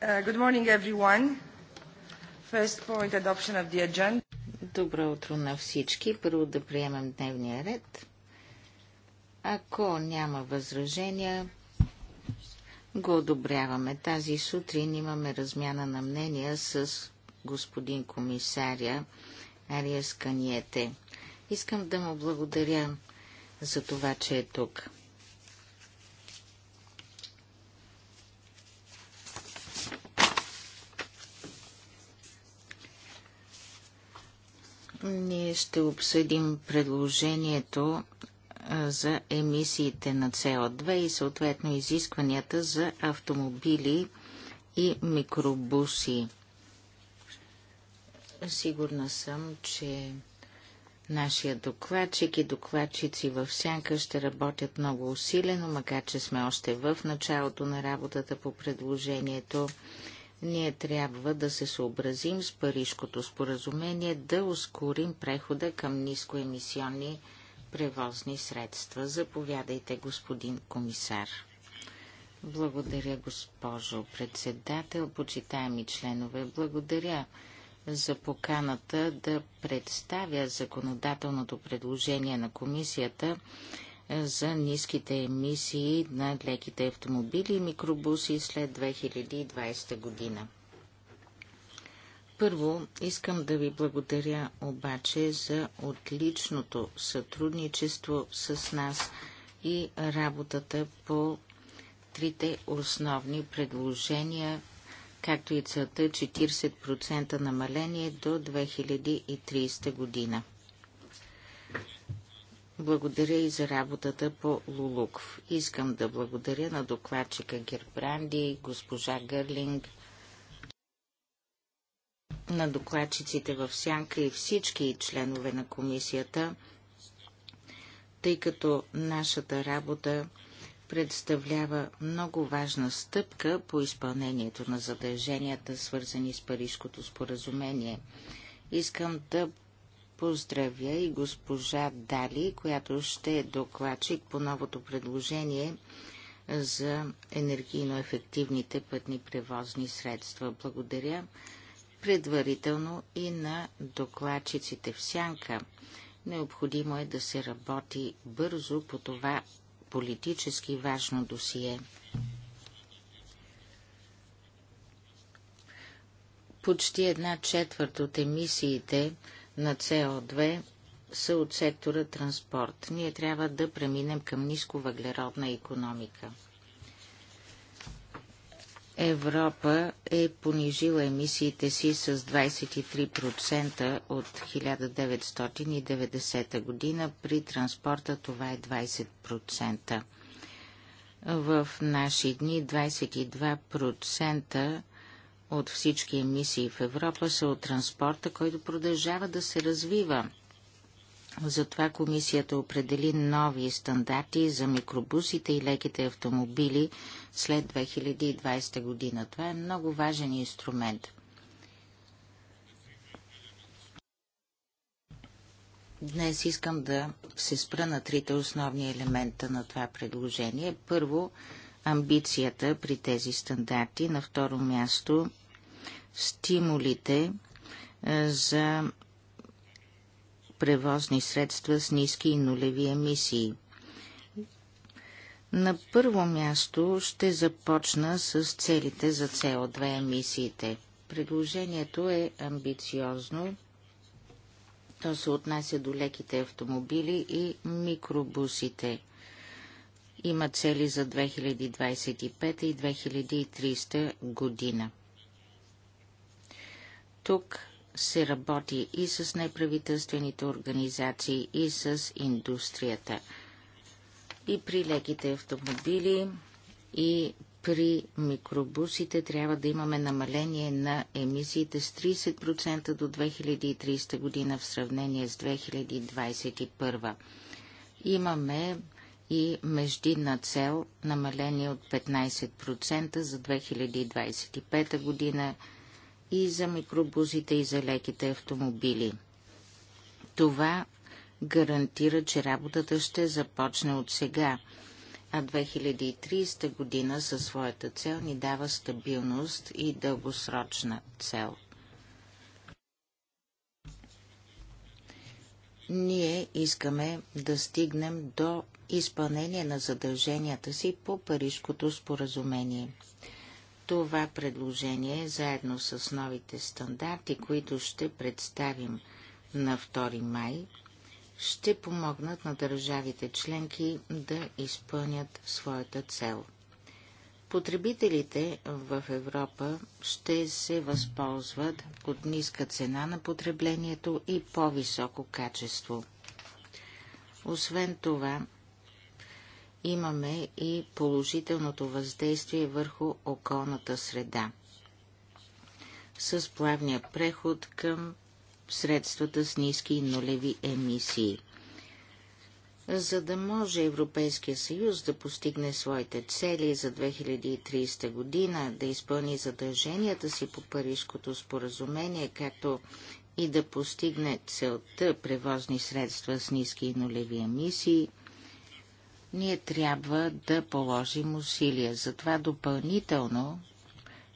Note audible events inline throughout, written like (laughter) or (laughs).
Uh, good morning, everyone. First point, adoption of the agenda. Добро утро на всички. Първо да приемем дневния ред. Ако няма възражения, го одобряваме. Тази сутрин имаме размяна на мнения с господин комисаря Ария Сканиете. Искам да му благодаря за това, че е тук. Ние ще обсъдим предложението за емисиите на СО2 и съответно изискванията за автомобили и микробуси. Сигурна съм, че нашия докладчик и докладчици в сянка ще работят много усилено, макар че сме още в началото на работата по предложението. Ние трябва да се съобразим с Парижкото споразумение, да ускорим прехода към нискоемисионни превозни средства. Заповядайте, господин комисар. Благодаря, госпожо председател, почитаеми членове. Благодаря за поканата да представя законодателното предложение на комисията за ниските емисии на леките автомобили и микробуси след 2020 година. Първо, искам да ви благодаря обаче за отличното сътрудничество с нас и работата по трите основни предложения, както и целта 40% намаление до 2030 година. Благодаря и за работата по Лулуков. Искам да благодаря на докладчика Гербранди, госпожа Гърлинг, на докладчиците в Сянка и всички членове на комисията, тъй като нашата работа представлява много важна стъпка по изпълнението на задълженията, свързани с Парижското споразумение. Искам да Поздравя и госпожа Дали, която ще е докладчик по новото предложение за енергийно ефективните пътни превозни средства. Благодаря предварително и на докладчиците в сянка. Необходимо е да се работи бързо по това политически важно досие. Почти една четвърт от емисиите на CO2 са от сектора транспорт. Ние трябва да преминем към ниско въглеродна економика. Европа е понижила емисиите си с 23% от 1990 година. При транспорта това е 20%. В наши дни 22% от всички емисии в Европа са от транспорта, който продължава да се развива. Затова комисията определи нови стандарти за микробусите и леките автомобили след 2020 година. Това е много важен инструмент. Днес искам да се спра на трите основни елемента на това предложение. Първо, амбицията при тези стандарти. На второ място, стимулите е, за превозни средства с ниски и нулеви емисии. На първо място ще започна с целите за CO2 емисиите. Предложението е амбициозно. То се отнася до леките автомобили и микробусите. Има цели за 2025 и 2300 година. Тук се работи и с неправителствените организации, и с индустрията. И при леките автомобили, и при микробусите трябва да имаме намаление на емисиите с 30% до 2030 година в сравнение с 2021. Имаме и междинна цел намаление от 15% за 2025 година и за микробузите и за леките автомобили. Това гарантира, че работата ще започне от сега, а 2030 година със своята цел ни дава стабилност и дългосрочна цел. Ние искаме да стигнем до изпълнение на задълженията си по Парижското споразумение. Това предложение, заедно с новите стандарти, които ще представим на 2 май, ще помогнат на държавите членки да изпълнят своята цел. Потребителите в Европа ще се възползват от ниска цена на потреблението и по-високо качество. Освен това, имаме и положителното въздействие върху околната среда. С плавния преход към средствата с ниски и нулеви емисии. За да може Европейския съюз да постигне своите цели за 2030 година, да изпълни задълженията си по Парижското споразумение, както и да постигне целта превозни средства с ниски и нулеви емисии, ние трябва да положим усилия. Затова допълнително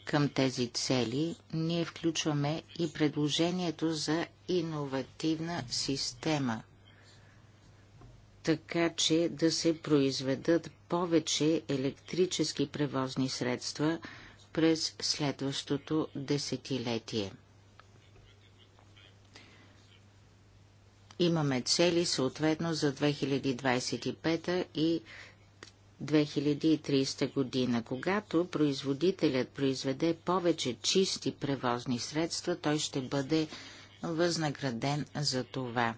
към тези цели ние включваме и предложението за иновативна система, така че да се произведат повече електрически превозни средства през следващото десетилетие. Имаме цели съответно за 2025 и 2030 година. Когато производителят произведе повече чисти превозни средства, той ще бъде възнаграден за това.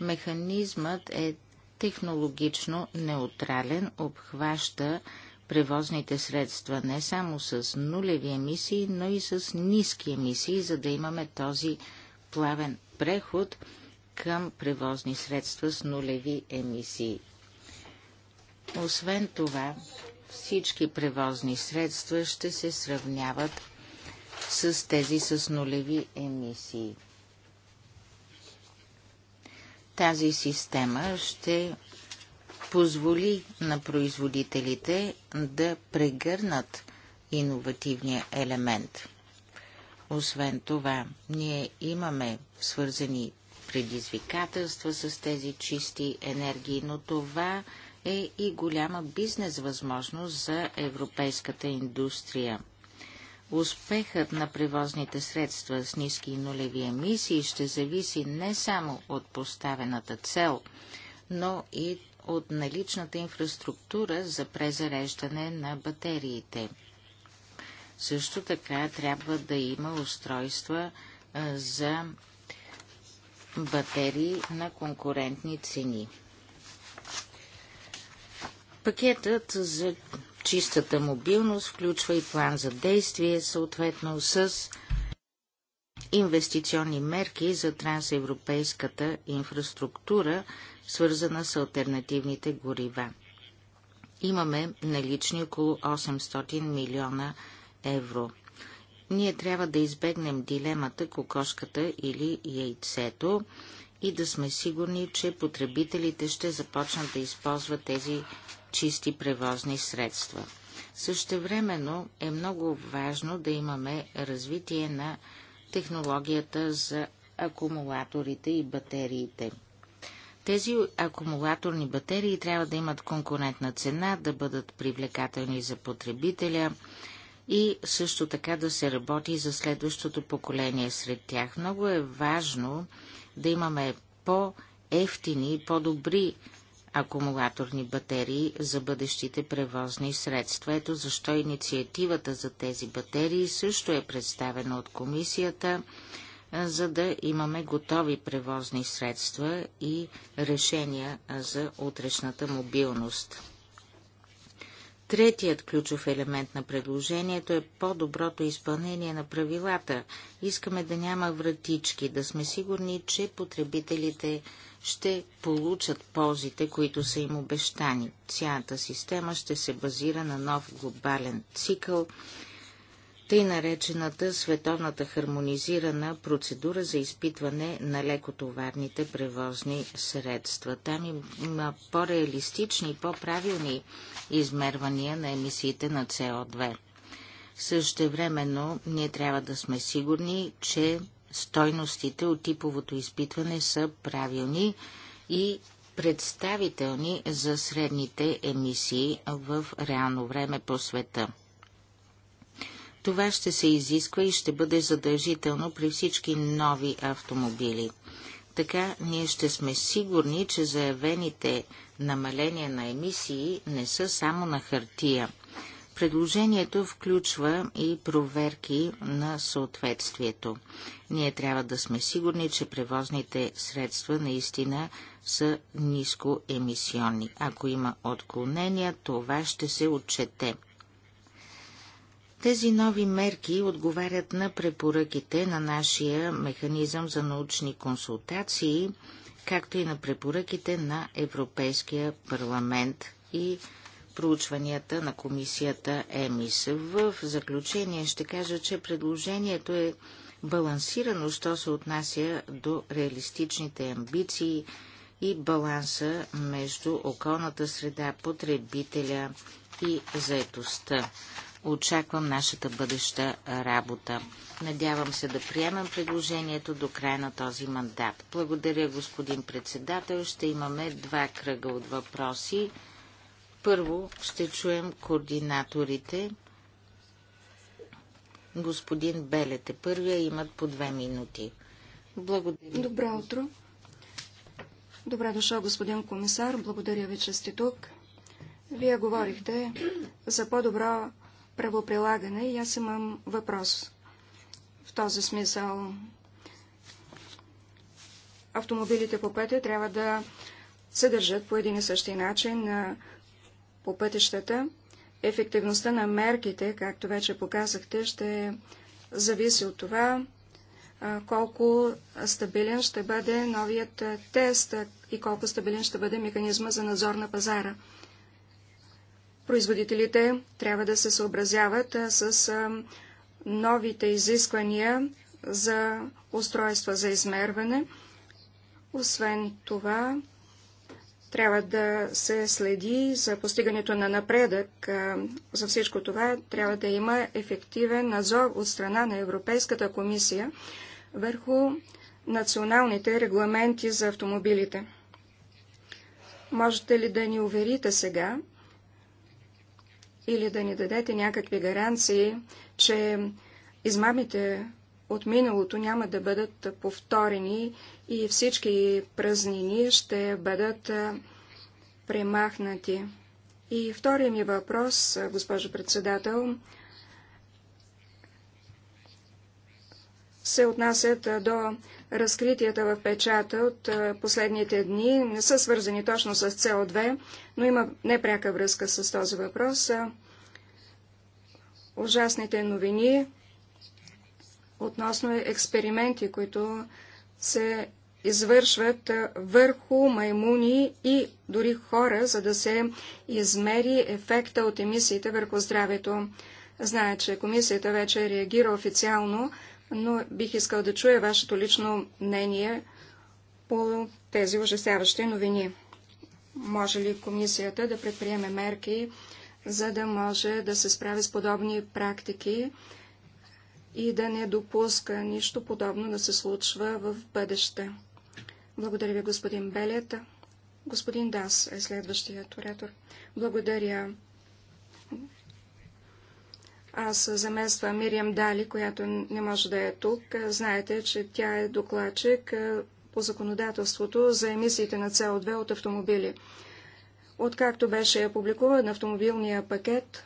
Механизмът е технологично неутрален, обхваща превозните средства не само с нулеви емисии, но и с ниски емисии, за да имаме този плавен преход – към превозни средства с нулеви емисии. Освен това, всички превозни средства ще се сравняват с тези с нулеви емисии. Тази система ще позволи на производителите да прегърнат иновативния елемент. Освен това, ние имаме свързани предизвикателства с тези чисти енергии, но това е и голяма бизнес възможност за европейската индустрия. Успехът на превозните средства с ниски и нулеви емисии ще зависи не само от поставената цел, но и от наличната инфраструктура за презареждане на батериите. Също така трябва да има устройства за батерии на конкурентни цени. Пакетът за чистата мобилност включва и план за действие, съответно с инвестиционни мерки за трансевропейската инфраструктура, свързана с альтернативните горива. Имаме налични около 800 милиона евро. Ние трябва да избегнем дилемата кокошката или яйцето и да сме сигурни, че потребителите ще започнат да използват тези чисти превозни средства. Същевременно е много важно да имаме развитие на технологията за акумулаторите и батериите. Тези акумулаторни батерии трябва да имат конкурентна цена, да бъдат привлекателни за потребителя, и също така да се работи за следващото поколение сред тях. Много е важно да имаме по-ефтини и по-добри акумулаторни батерии за бъдещите превозни средства. Ето защо инициативата за тези батерии също е представена от комисията, за да имаме готови превозни средства и решения за утрешната мобилност. Третият ключов елемент на предложението е по-доброто изпълнение на правилата. Искаме да няма вратички, да сме сигурни, че потребителите ще получат ползите, които са им обещани. Цялата система ще се базира на нов глобален цикъл тъй наречената световната хармонизирана процедура за изпитване на лекотоварните превозни средства. Там има по-реалистични и по-правилни измервания на емисиите на СО2. Същевременно ние трябва да сме сигурни, че стойностите от типовото изпитване са правилни и представителни за средните емисии в реално време по света. Това ще се изисква и ще бъде задължително при всички нови автомобили. Така ние ще сме сигурни, че заявените намаления на емисии не са само на хартия. Предложението включва и проверки на съответствието. Ние трябва да сме сигурни, че превозните средства наистина са нискоемисионни. Ако има отклонения, това ще се отчете. Тези нови мерки отговарят на препоръките на нашия механизъм за научни консултации, както и на препоръките на Европейския парламент и проучванията на комисията ЕМИС. В заключение ще кажа, че предложението е балансирано, що се отнася до реалистичните амбиции и баланса между околната среда, потребителя и заетостта очаквам нашата бъдеща работа. Надявам се да приемам предложението до края на този мандат. Благодаря, господин председател. Ще имаме два кръга от въпроси. Първо ще чуем координаторите. Господин Белете, първия, имат по две минути. Благодаря. Добро утро. Добре дошъл, господин комисар. Благодаря ви, че сте тук. Вие говорихте за по-добро правоприлагане и аз имам въпрос в този смисъл. Автомобилите по пътя трябва да се държат по един и същи начин на по пътищата. Ефективността на мерките, както вече показахте, ще зависи от това, колко стабилен ще бъде новият тест и колко стабилен ще бъде механизма за надзор на пазара производителите трябва да се съобразяват с новите изисквания за устройства за измерване. Освен това, трябва да се следи за постигането на напредък. За всичко това трябва да има ефективен надзор от страна на Европейската комисия върху националните регламенти за автомобилите. Можете ли да ни уверите сега, или да ни дадете някакви гаранции, че измамите от миналото няма да бъдат повторени и всички празнини ще бъдат премахнати. И втория ми въпрос, госпожо председател, се отнасят до Разкритията в печата от последните дни не са свързани точно с со 2 но има непряка връзка с този въпрос. Ужасните новини относно експерименти, които се извършват върху маймуни и дори хора, за да се измери ефекта от емисиите върху здравето. Знаят, че комисията вече е реагира официално но бих искал да чуя вашето лично мнение по тези ужасяващи новини. Може ли комисията да предприеме мерки, за да може да се справи с подобни практики и да не допуска нищо подобно да се случва в бъдеще? Благодаря ви, господин Белета. Господин Дас е следващият оратор. Благодаря. Аз замества Мириам Дали, която не може да е тук. Знаете, че тя е докладчик по законодателството за емисиите на CO2 от автомобили. Откакто беше публикуван автомобилния пакет,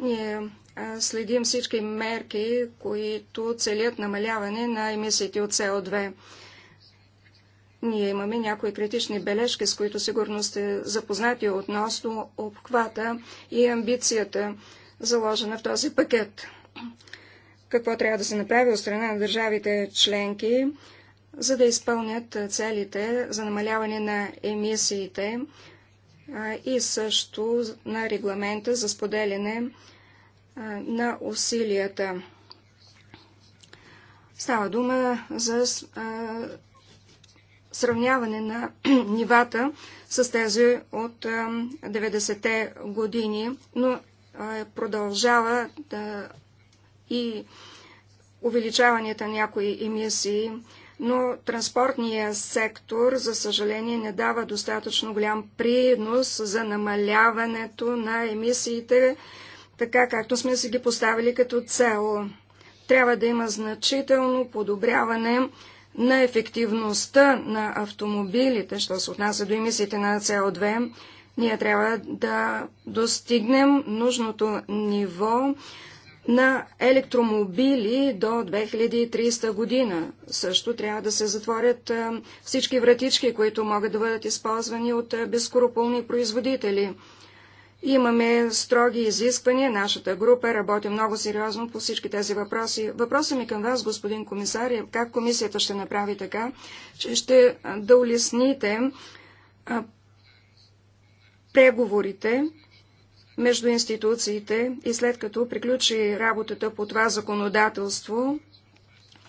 ние следим всички мерки, които целят намаляване на емисиите от CO2. Ние имаме някои критични бележки, с които сигурно сте запознати относно обхвата и амбицията, заложена в този пакет. Какво трябва да се направи от страна на държавите членки, за да изпълнят целите за намаляване на емисиите и също на регламента за споделяне на усилията. Става дума за сравняване на (clears throat) нивата с тези от 90-те години, но продължава да и увеличаването на някои емисии, но транспортният сектор, за съжаление, не дава достатъчно голям принос за намаляването на емисиите, така както сме си ги поставили като цел. Трябва да има значително подобряване на ефективността на автомобилите, що се отнася до емисиите на CO2, ние трябва да достигнем нужното ниво на електромобили до 2300 година. Също трябва да се затворят всички вратички, които могат да бъдат използвани от безкоропълни производители. Имаме строги изисквания. Нашата група работи много сериозно по всички тези въпроси. Въпросът ми към вас, господин комисар, е как комисията ще направи така, че ще да улесните преговорите между институциите и след като приключи работата по това законодателство,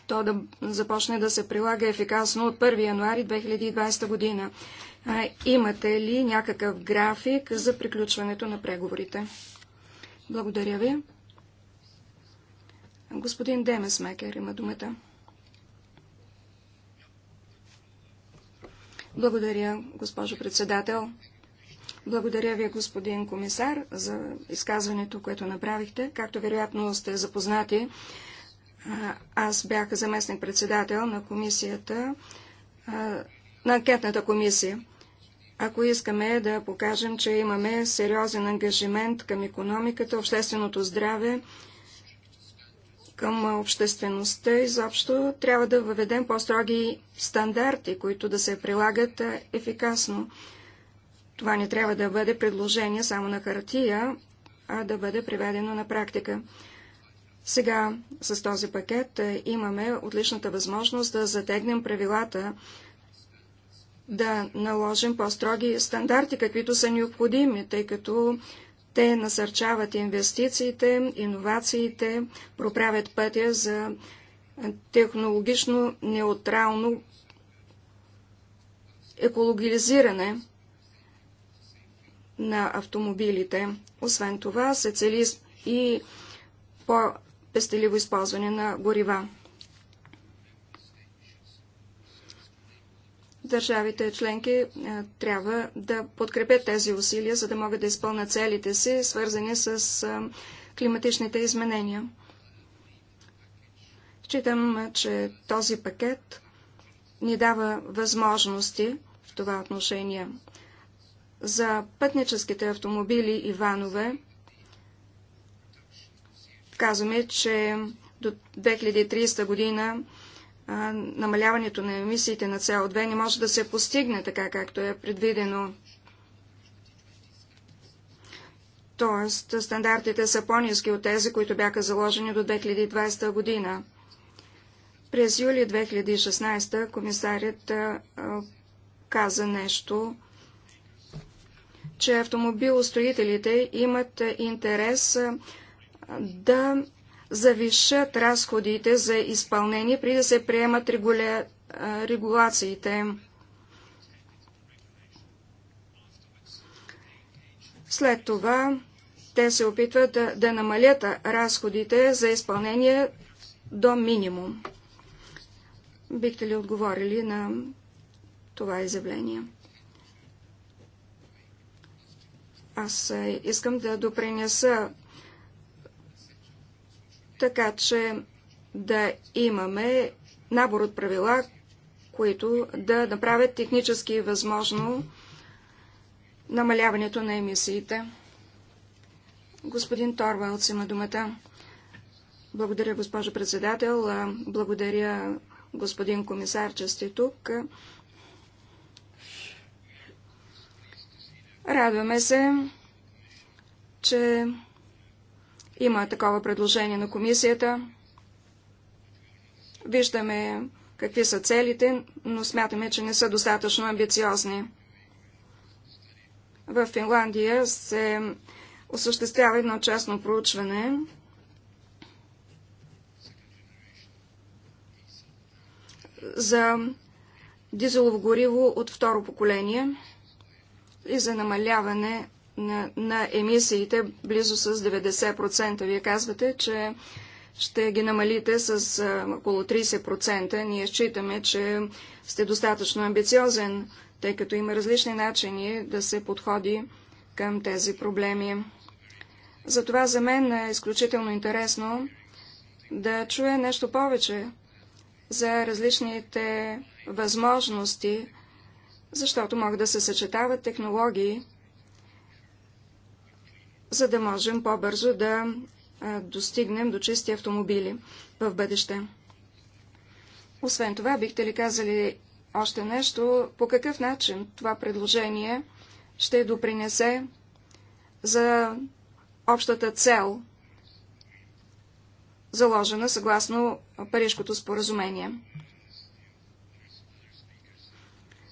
то да започне да се прилага ефикасно от 1 януари 2020 година. А, имате ли някакъв график за приключването на преговорите? Благодаря ви. Господин Демесмекер има думата. Благодаря, госпожо председател. Благодаря ви, господин комисар, за изказването, което направихте. Както вероятно сте запознати, аз бях заместник-председател на комисията, на анкетната комисия ако искаме да покажем, че имаме сериозен ангажимент към економиката, общественото здраве, към обществеността изобщо, трябва да въведем по-строги стандарти, които да се прилагат ефикасно. Това не трябва да бъде предложение само на хартия, а да бъде приведено на практика. Сега с този пакет имаме отличната възможност да затегнем правилата да наложим по-строги стандарти, каквито са необходими, тъй като те насърчават инвестициите, иновациите, проправят пътя за технологично неутрално екологизиране на автомобилите. Освен това се цели и по-пестеливо използване на горива. Държавите членки е, трябва да подкрепят тези усилия, за да могат да изпълнят целите си, свързани с е, климатичните изменения. Считам, че този пакет ни дава възможности в това отношение. За пътническите автомобили и ванове казваме, че до 2300 година намаляването на емисиите на CO2 не може да се постигне така, както е предвидено. Тоест, стандартите са по-низки от тези, които бяха заложени до 2020 година. През юли 2016 комисарят каза нещо, че автомобилостроителите имат интерес да завишат разходите за изпълнение, при да се приемат регуля... регулациите. След това те се опитват да, да намалят разходите за изпълнение до минимум. Бихте ли отговорили на това изявление? Аз искам да допринеса така че да имаме набор от правила, които да направят технически възможно намаляването на емисиите. Господин Торвалц има думата. Благодаря, госпожо председател. Благодаря, господин комисар, че сте тук. Радваме се, че има такова предложение на комисията. Виждаме какви са целите, но смятаме, че не са достатъчно амбициозни. В Финландия се осъществява едно частно проучване за дизелово гориво от второ поколение и за намаляване на, на емисиите близо с 90%. Вие казвате, че ще ги намалите с а, около 30%. Ние считаме, че сте достатъчно амбициозен, тъй като има различни начини да се подходи към тези проблеми. Затова за мен е изключително интересно да чуя нещо повече за различните възможности, защото могат да се съчетават технологии, за да можем по-бързо да достигнем до чисти автомобили в бъдеще. Освен това, бихте ли казали още нещо, по какъв начин това предложение ще допринесе за общата цел, заложена съгласно Парижкото споразумение.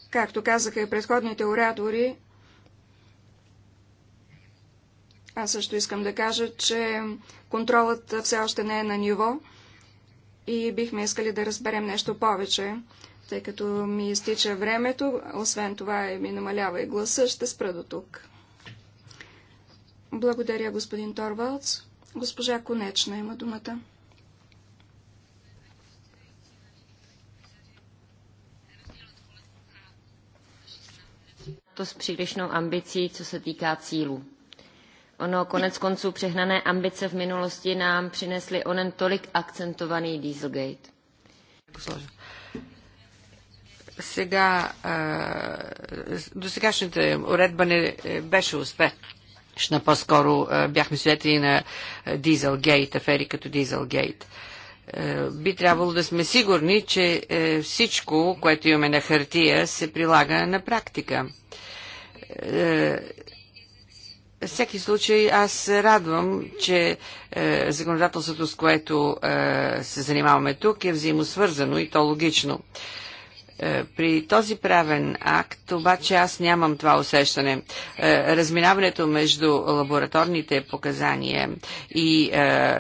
Както казаха и предходните оратори, аз също искам да кажа, че контролът все още не е на ниво и бихме искали да разберем нещо повече, тъй като ми изтича времето, освен това и ми намалява и гласа, ще спра до тук. Благодаря, господин Торвалц. Госпожа Конечна има думата. To s přílišnou ambicí, co se týká cílu. Ono konec konců přehnané ambice v minulosti nám přinesly onen tolik akcentovaný Dieselgate. Сега, е, до сегашната уредба не беше успешна. По-скоро е, бяхме свидетели на Дизелгейт, афери като Дизелгейт. Би трябвало да сме сигурни, че е, всичко, което имаме на хартия, се прилага на практика всеки случай аз се радвам, че е, законодателството, с което е, се занимаваме тук, е взаимосвързано и то логично. Е, при този правен акт обаче аз нямам това усещане. Е, разминаването между лабораторните показания и е,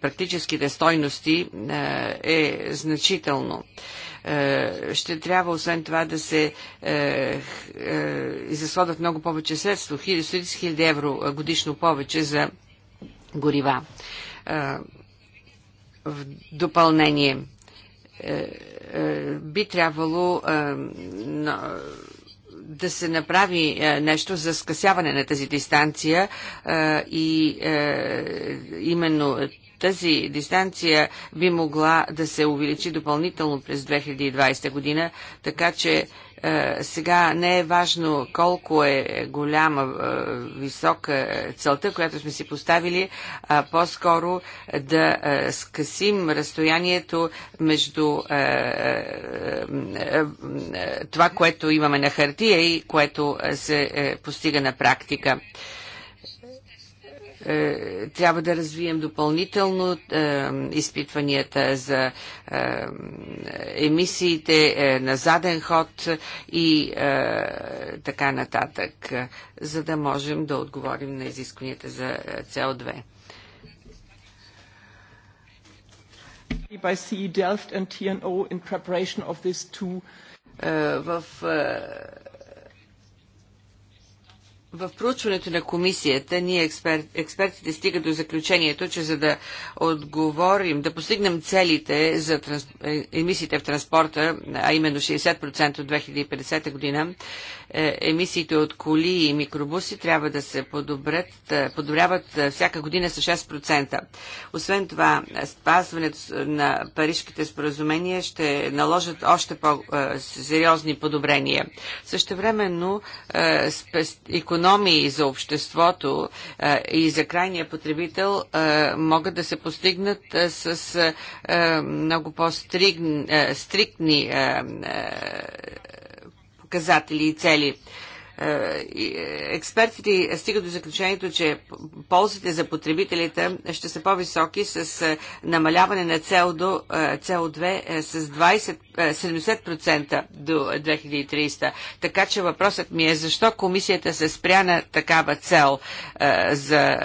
практическите стойности е, е значително. Е, е, ще трябва освен това да се е, е, изразходват много повече средства, 40 000 евро годишно повече за горива. В допълнение би трябвало да се направи нещо за скъсяване на тази дистанция и именно тази дистанция би могла да се увеличи допълнително през 2020 година, така че е, сега не е важно колко е голяма, е, висока целта, която сме си поставили, а по-скоро да е, скъсим разстоянието между това, което имаме на хартия и което се постига на практика. Е, трябва да развием допълнително е, изпитванията за е, емисиите на заден ход и така нататък, за да можем да отговорим на изискванията за CO2. by CE Delft and TNO in preparation of two. Uh, в uh, в проучването на комисията ние експерт, експертите стигат до заключението, че за да отговорим, да постигнем целите за транс, е, емисиите в транспорта, а именно 60% от 2050 година, е, емисиите от коли и микробуси трябва да се подобрят, подобряват е, всяка година с 6%. Освен това, спазването на парижките споразумения ще наложат още по-сериозни подобрения. Същевременно, економиката економии за обществото и за крайния потребител могат да се постигнат с много по-стриктни показатели и цели. Е, е, експертите стигат до заключението, че ползите за потребителите ще са по-високи с е, намаляване на CO2 с 20, 70% до 2300. Така че въпросът ми е защо комисията се спря на такава цел за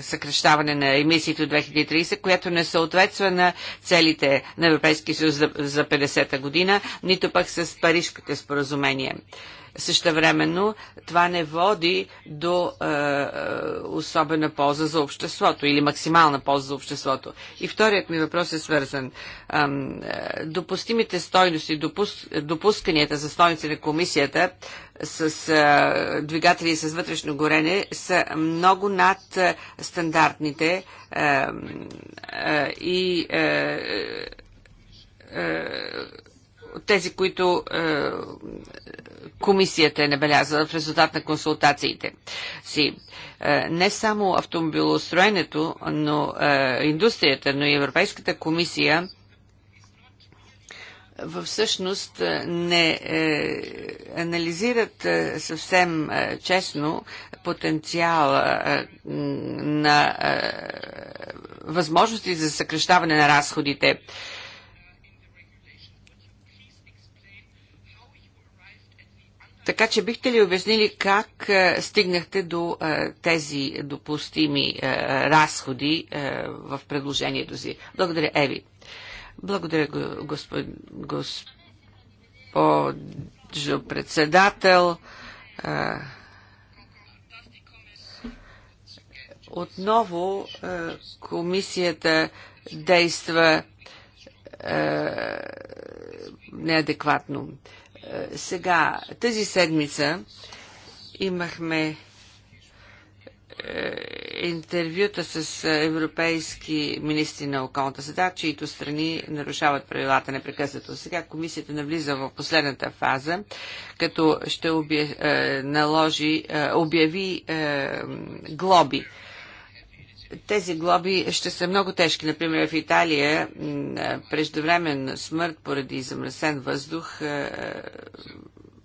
съкрещаване на емисиите до 2030, която не съответства на целите на Европейския съюз за 50-та година, нито пък с Парижското споразумение. Същевременно това не води до е, е, особена полза за обществото или максимална полза за обществото. И вторият ми въпрос е свързан. Е, допустимите стойности, допус, допусканията за стойности на комисията с е, двигатели с вътрешно горене са много над е, стандартните е, е, и е, е, е тези, които е, комисията е набелязала в резултат на консултациите си. Е, не само автомобилостроенето, но е, индустрията, но и Европейската комисия е, всъщност не е, анализират съвсем честно потенциала е, на е, възможности за съкрещаване на разходите. Така че бихте ли обяснили как е, стигнахте до е, тези допустими е, разходи в предложението си? Благодаря, Еви. Благодаря, господ, госпожо председател. Отново комисията действа неадекватно. Е, сега, тази седмица имахме е, интервюта с европейски министри на околната среда, чието страни нарушават правилата непрекъснато. Сега комисията навлиза в последната фаза, като ще обя... Е, наложи, обяви глоби тези глоби ще са много тежки. Например, в Италия преждевременна смърт поради замръсен въздух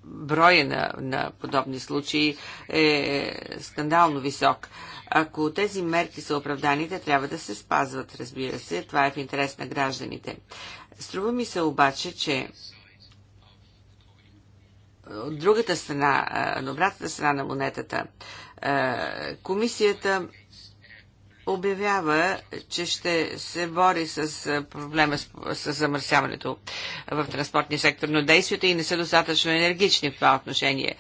броя на, на подобни случаи е, е скандално висок. Ако тези мерки са оправдани, те трябва да се спазват, разбира се. Това е в интерес на гражданите. Струва ми се обаче, че от другата страна, на обратната страна на монетата, комисията обявява, че ще се бори с проблема с, с замърсяването в транспортния сектор, но действията и не са достатъчно енергични в това отношение.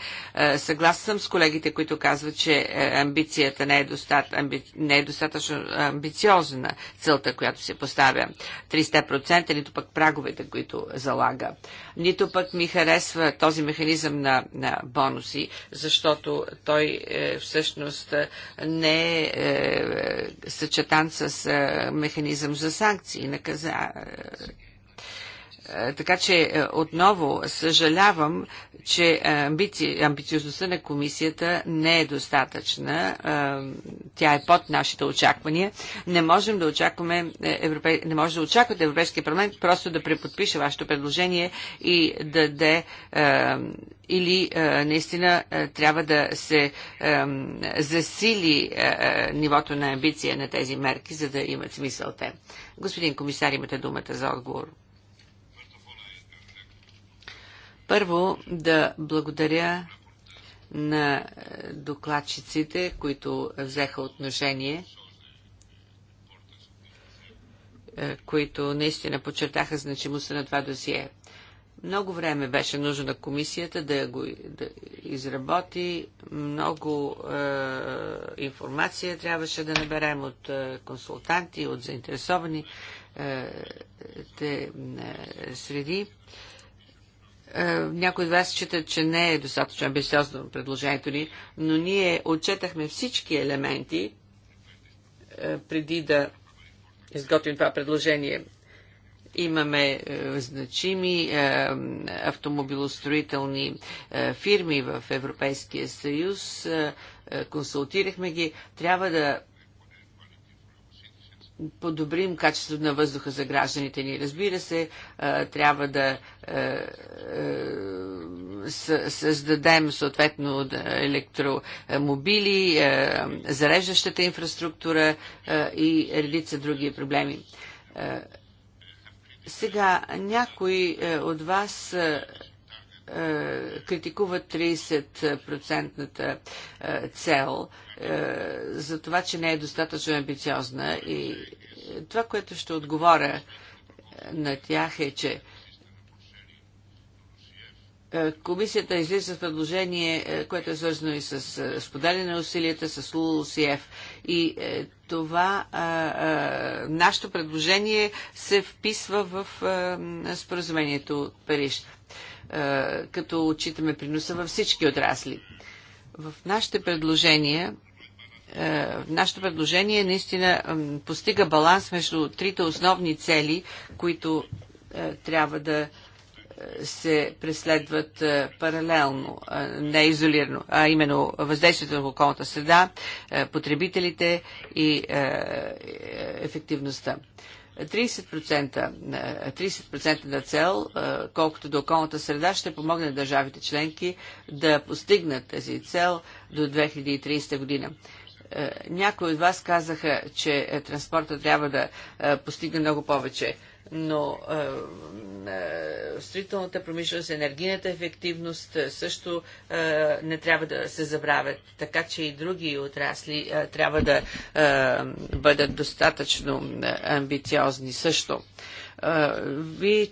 Съгласен съм с колегите, които казват, че амбицията не е, достат, амби, не е достатъчно амбициозна целта, която се поставя. 300% нито пък праговете, които залага. Нито пък ми харесва този механизъм на, на бонуси, защото той е, всъщност е, не е, е съчетан с механизъм за санкции, наказа, е, така че е, отново съжалявам, че е, амбици... амбициозността на комисията не е достатъчна. Тя е под нашите очаквания. Не можем да очакваме Европе... не може да очаквате Европейския парламент просто да преподпише вашето предложение и да даде или наистина трябва да се засили нивото на амбиция на тези мерки, за да имат смисъл те. Господин комисар, имате думата за отговор. Първо да благодаря на е, докладчиците, които взеха отношение, е, които наистина подчертаха значимостта на това досие. Много време беше нужно на комисията да го да изработи, много е, информация трябваше да наберем от е, консултанти, от заинтересовани е, те, е, среди. Е, е, някои от вас считат, че не е достатъчно амбициозно предложението ни, но ние отчетахме всички елементи е, преди да изготвим това предложение. Имаме е, значими автомобилостроителни фирми в Европейския съюз, консултирахме ги. Трябва да подобрим качеството на въздуха за гражданите ни. Разбира се, трябва да създадем съответно електромобили, зареждащата инфраструктура и редица други проблеми. Сега някои е, от вас е, е, критикуват 30 е, цел е, за това, че не е достатъчно амбициозна. И това, което ще отговоря на тях е, че Комисията излиза с предложение, което е свързано и с споделяне на усилията с ЛУЛСИЕФ. И това, нашето предложение се вписва в споразумението от Париж. Е, като отчитаме приноса във всички отрасли. В нашите предложения е, нашето предложение наистина постига баланс между трите основни цели, които е, трябва да се преследват паралелно, не изолирано, а именно въздействието на околната среда, потребителите и ефективността. 30%, е, на цел, е, колкото до околната среда, ще помогне държавите членки да постигнат тази цел до 2030 година. Е, някои от вас казаха, че транспорта трябва да постигне много повече но е, е, строителната промишленост, енергийната ефективност е, също не трябва да се забравят, така че и други отрасли трябва да бъдат достатъчно амбициозни също. Ви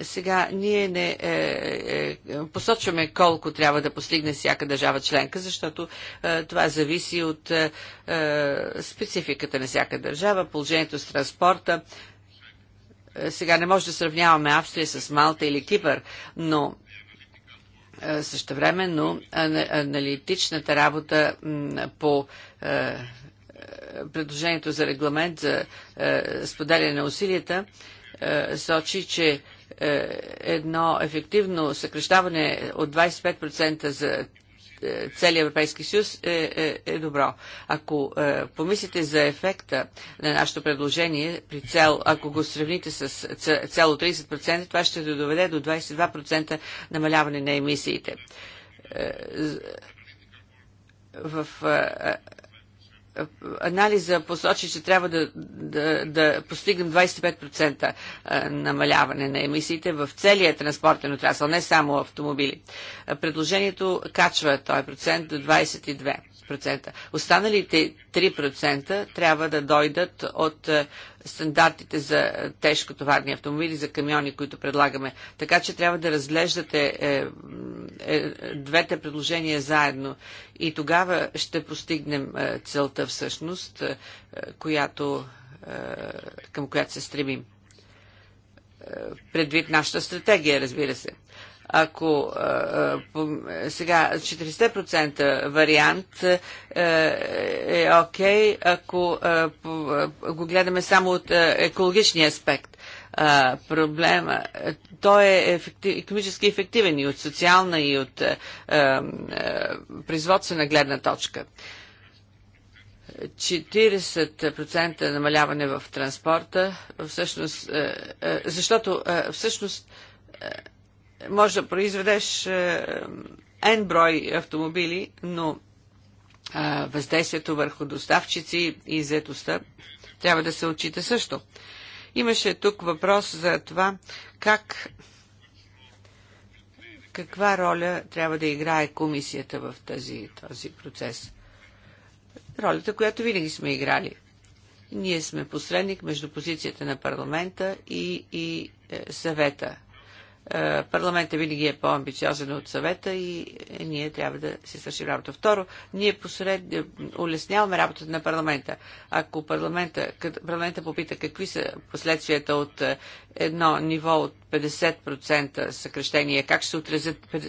сега ние не е, е, посочваме колко трябва да постигне всяка държава членка, защото е, това зависи от спецификата на всяка държава, положението с транспорта, е, сега не може да сравняваме Австрия с Малта или Кипър, но е, същевременно аналитичната работа по е, предложението за регламент за споделяне на усилията сочи, че едно ефективно съкрещаване от 25% за е, целия Европейски съюз е, е, е добро. Ако е, помислите за ефекта на нашето предложение, при цел, ако го сравните с цел 30%, това ще доведе до 22% намаляване на емисиите. Е, в е, е анализа посочи, че трябва да, да, да постигнем 25% намаляване на емисиите в целия транспортен отрасъл, не само автомобили. Предложението качва този процент до 22%. 10%. Останалите 3% трябва да дойдат от е, стандартите за тежкотоварни автомобили, за камиони, които предлагаме. Така че трябва да разглеждате е, е, двете предложения заедно и тогава ще постигнем е, целта всъщност, е, която, е, към която се стремим. Е, предвид нашата стратегия, разбира се. Ако сега 40% вариант е, е окей, okay, ако го гледаме само от екологичния аспект проблема. Той е ефектив, економически ефективен и от социална и от производствена гледна точка. 40% намаляване в транспорта, всъщност, защото всъщност може да произведеш N е, брой автомобили, но е, въздействието върху доставчици и заетостта трябва да се отчита също. Имаше тук въпрос за това как каква роля трябва да играе комисията в тази, този процес. Ролята, която винаги сме играли. Ние сме посредник между позицията на парламента и, и е, съвета. Е, Парламентът винаги е по-амбициозен от съвета и ние трябва да си свършим работа. Второ, ние посред е, улесняваме работата на парламента. Ако парламента, парламента попита какви са последствията от е, едно ниво от 50% съкрещение, как ще се отразят е, е,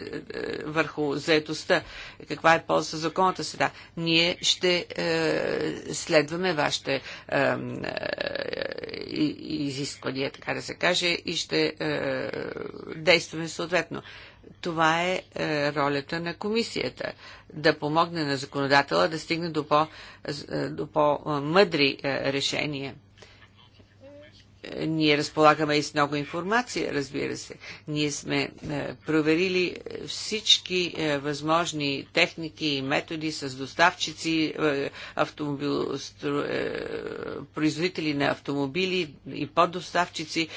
върху заетостта, каква е полза за околната среда. Ние ще е, следваме вашите е, е, изисквания, така да се каже, и ще е, действаме съответно. Това е, ролята на комисията да помогне на законодателя да стигне до, по, до по-мъдри решения ние разполагаме и с много информация, разбира се. Ние сме е, проверили всички е, възможни техники и методи с доставчици, е, автомобил, производители на автомобили и поддоставчици,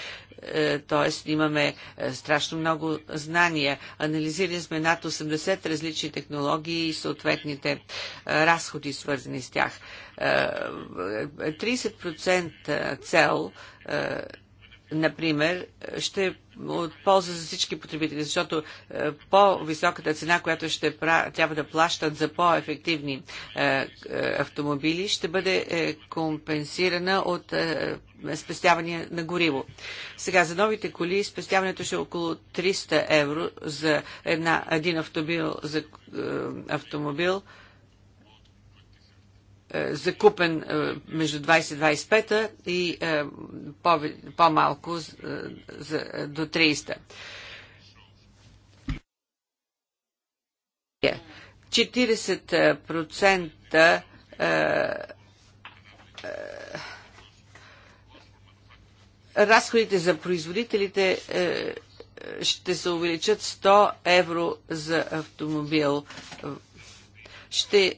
т.е. имаме страшно много знания. Анализирали сме над 80 различни технологии и съответните разходи, свързани с тях. 30% цел е, например, ще от полза за всички потребители, защото е, по-високата цена, която ще трябва да плащат за по-ефективни е, автомобили, ще бъде компенсирана от спестяване на гориво. Сега за новите коли спестяването ще е около 300 евро за една, един автомобил, за автомобил е, закупен е, между 20-25 и е, по-малко до 30. 40% разходите за производителите ще се увеличат 100 евро за автомобил. Ще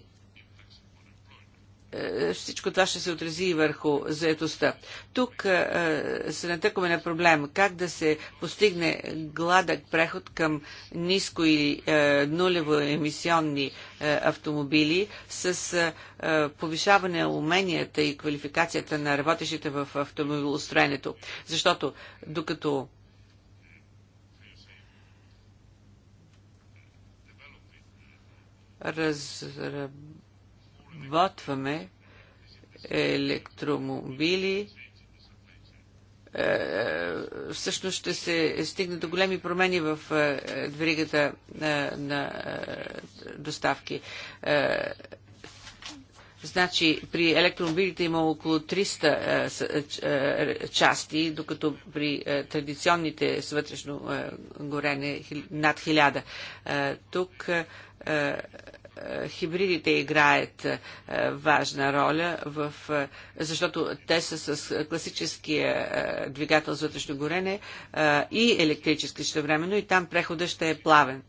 е, всичко това ще се отрази и върху заетостта. Тук е, е, се натъкваме на проблем как да се постигне гладък преход към ниско или нулево емисионни автомобили с повишаване на уменията и квалификацията на работещите в автомобилостроенето. Защото докато разработваме разработваме електромобили, е, всъщност ще се стигне до големи промени в двигата е, е, на доставки. Значи при електромобилите има около 300 части, докато при традиционните с вътрешно горене над 1000. Тук хибридите играят е, важна роля, в, е, защото те са с класическия е, двигател за вътрешно горене и електрически ще времено и там преходът ще е плавен.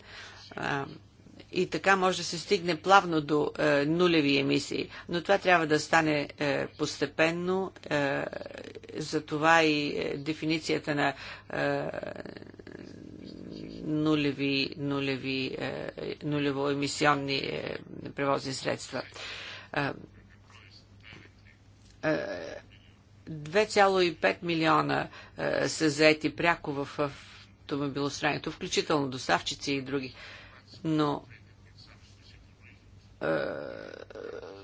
И така може да се стигне плавно до е, нулеви емисии. Но това трябва да стане е, постепенно. Е, затова и дефиницията на нулеви, нулеви, е, нулево емисионни е, превозни средства. 2,5 е, милиона са заети пряко в автомобилостранието, включително доставчици и други. Но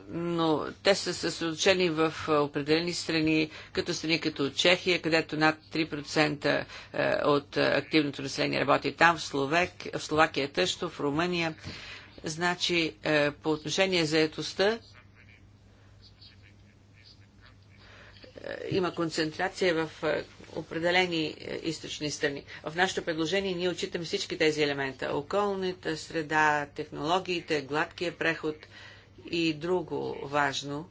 но те са съсредоточени в определени страни, като страни като Чехия, където над 3% от активното население работи там, в, Словек, в Словакия тъщо, в Румъния. Значи, по отношение заетостта, има концентрация в определени източни страни. В нашето предложение ние отчитаме всички тези елемента. Околната среда, технологиите, гладкия преход – и друго важно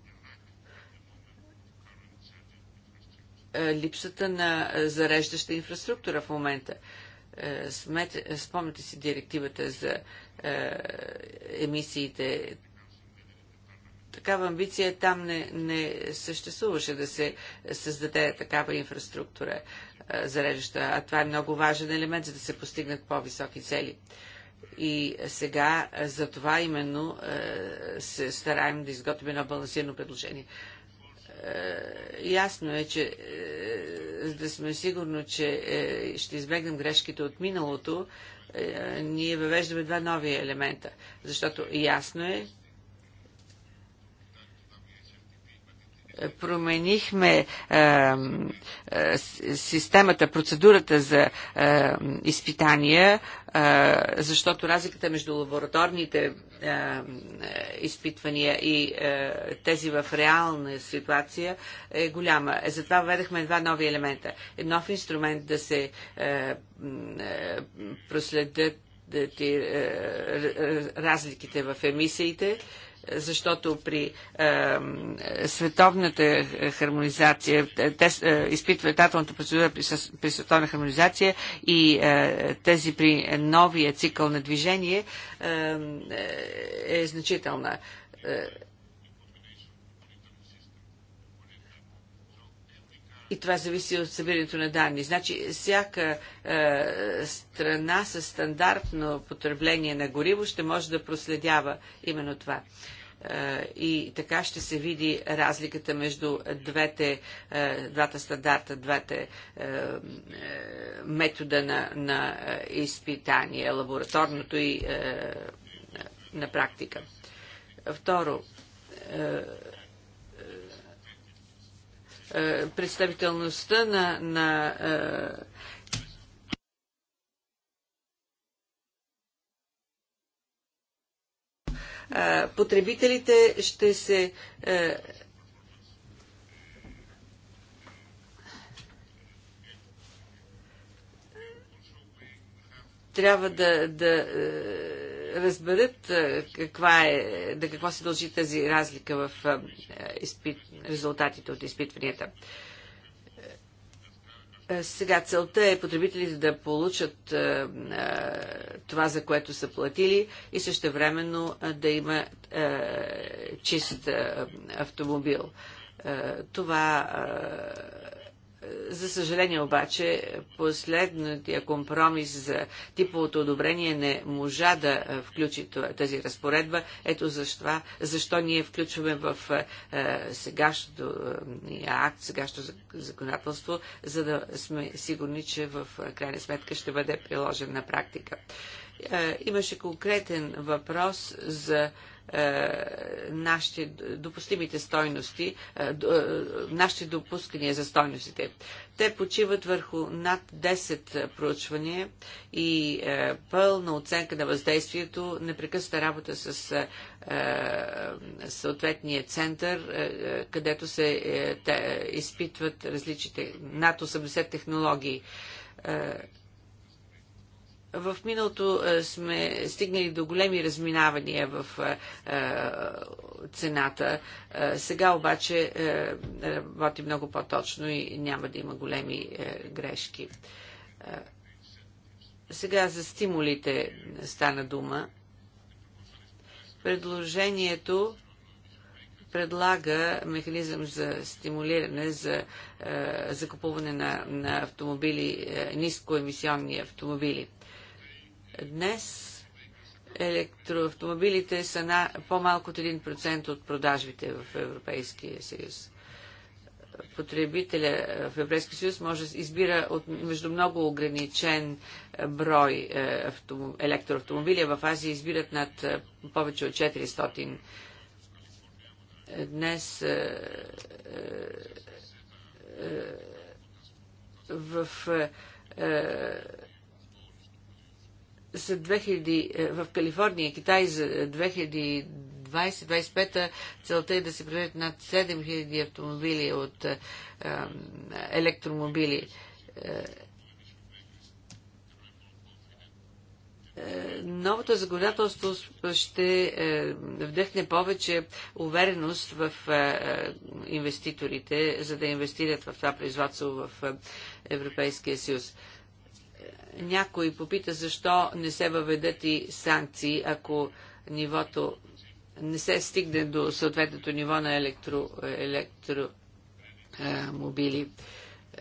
е, липсата на е, зареждаща инфраструктура в момента. Е, спомняте си директивата за емисиите. Такава амбиция там не, не съществуваше да се създаде такава инфраструктура зареждаща, а това е много важен елемент, за да се постигнат по-високи цели. И сега е, за това именно е, се стараем да изготвим едно балансирано предложение. Е, ясно е, че да сме сигурни, че ще избегнем грешките от миналото, ние въвеждаме два нови елемента. Защото ясно е, променихме а, е, а, е, системата, процедурата за а, е, изпитания, защото разликата между лабораторните изпитвания и тези в реална ситуация е голяма. Затова введахме два нови елемента. Нов инструмент да се проследят разликите в емисиите защото при е, световната хармонизация, те е, изпитва процедура при, при световна хармонизация и е, тези при новия цикъл на движение е, е значителна. Е, и това зависи от събирането на данни. Значи, всяка е, страна със стандартно потребление на гориво ще може да проследява именно това. Е, е, и така ще се види разликата между двете, е, двата стандарта, двете е, метода на, на изпитание, лабораторното и на практика. Второ, представителността на, на Потребителите ще се трябва да, да разберат каква е, да какво се дължи тази разлика в изпит, резултатите от изпитванията. Е, сега целта е потребителите да получат е, е, това, за което са платили и също времено да има чист автомобил. Това за съжаление обаче, последния компромис за типовото одобрение не можа да включи тази разпоредба. Ето защо, защо ние включваме в е, сегашното е, акт, сегашното законодателство, за да сме сигурни, че в крайна сметка ще бъде приложен на практика. Е, имаше конкретен въпрос за е, нашите допустимите стойности, е, нашите допускания за стойностите. Те почиват върху над 10 проучвания и пълна оценка на въздействието, непрекъсната работа с съответния център, където се изпитват различните над 80 технологии в миналото е, сме стигнали до големи разминавания в е, е, цената. Сега обаче работи много по-точно и няма да има големи грешки. Сега за стимулите стана дума. Предложението предлага механизъм за стимулиране за закупуване на, на автомобили, нискоемисионни автомобили. Днес електроавтомобилите са на по-малко от 1% от продажбите в Европейския съюз. Потребителя в Европейския съюз може да избира от, между много ограничен брой е, електроавтомобили, в Азия избират над е, повече от 400. Днес е, е, е, в е, за 2000, е, в Калифорния, Китай за 2020-2025 целта е да се преведат над 7000 автомобили от е, е електромобили. Е, новото законодателство ще вдъхне повече увереност в инвеститорите, за да инвестират в това производство в Европейския съюз. Някой попита защо не се въведат и санкции, ако нивото не се стигне до съответното ниво на електро, електромобили. Е,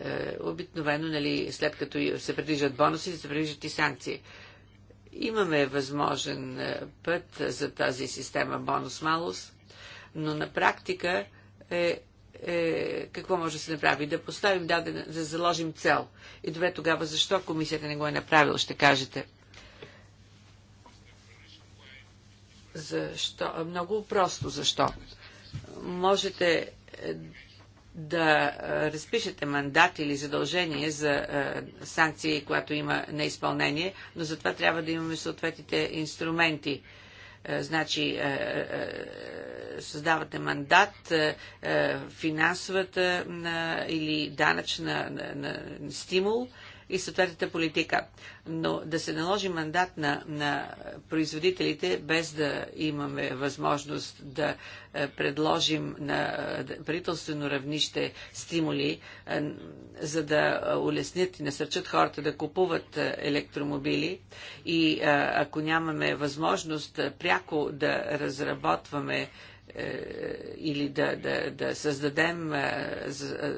е, обикновено, нали, след като се предвиждат бонуси, се предвиждат и санкции. Имаме възможен е, път за тази система бонус-малус, но на практика е е, какво може да се направи? Да поставим даден, да заложим цел. И добре тогава, защо комисията не го е направила, ще кажете. Защо? Много просто защо. Можете е, да е, разпишете мандат или задължение за е, санкции, когато има неизпълнение, но за това трябва да имаме съответните инструменти е, значи, е, е, създавате мандат, финансовата или данъчна стимул – и съответната политика. Но да се наложи мандат на, на производителите, без да имаме възможност да е, предложим на е, правителствено равнище стимули, е, за да улеснят и насърчат хората да купуват електромобили. И ако нямаме възможност пряко да разработваме е, или да, да, да създадем е,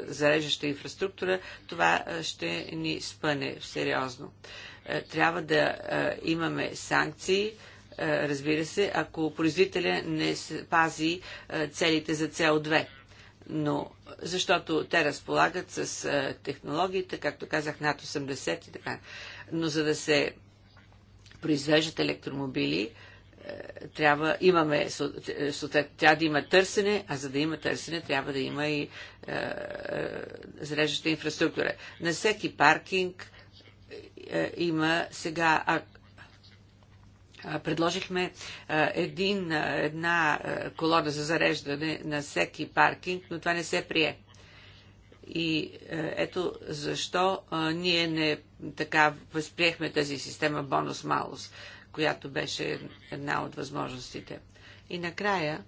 зареждаща инфраструктура, това е, ще ни спъне сериозно. Трябва да имаме санкции, разбира се, ако производителя не пази целите за CO2 но защото те разполагат с технологиите, както казах, над 80 и така. Но за да се произвеждат електромобили, е, трябва, имаме, е, трябва да има търсене, а за да има търсене, трябва да има и е, е, зареждаща инфраструктура. На всеки паркинг е, има сега, а, а, предложихме а, е, един, една колона за зареждане на всеки паркинг, но това не се прие. И ето защо ние не така възприехме тази система бонус-малус която беше една от възможностите. И накрая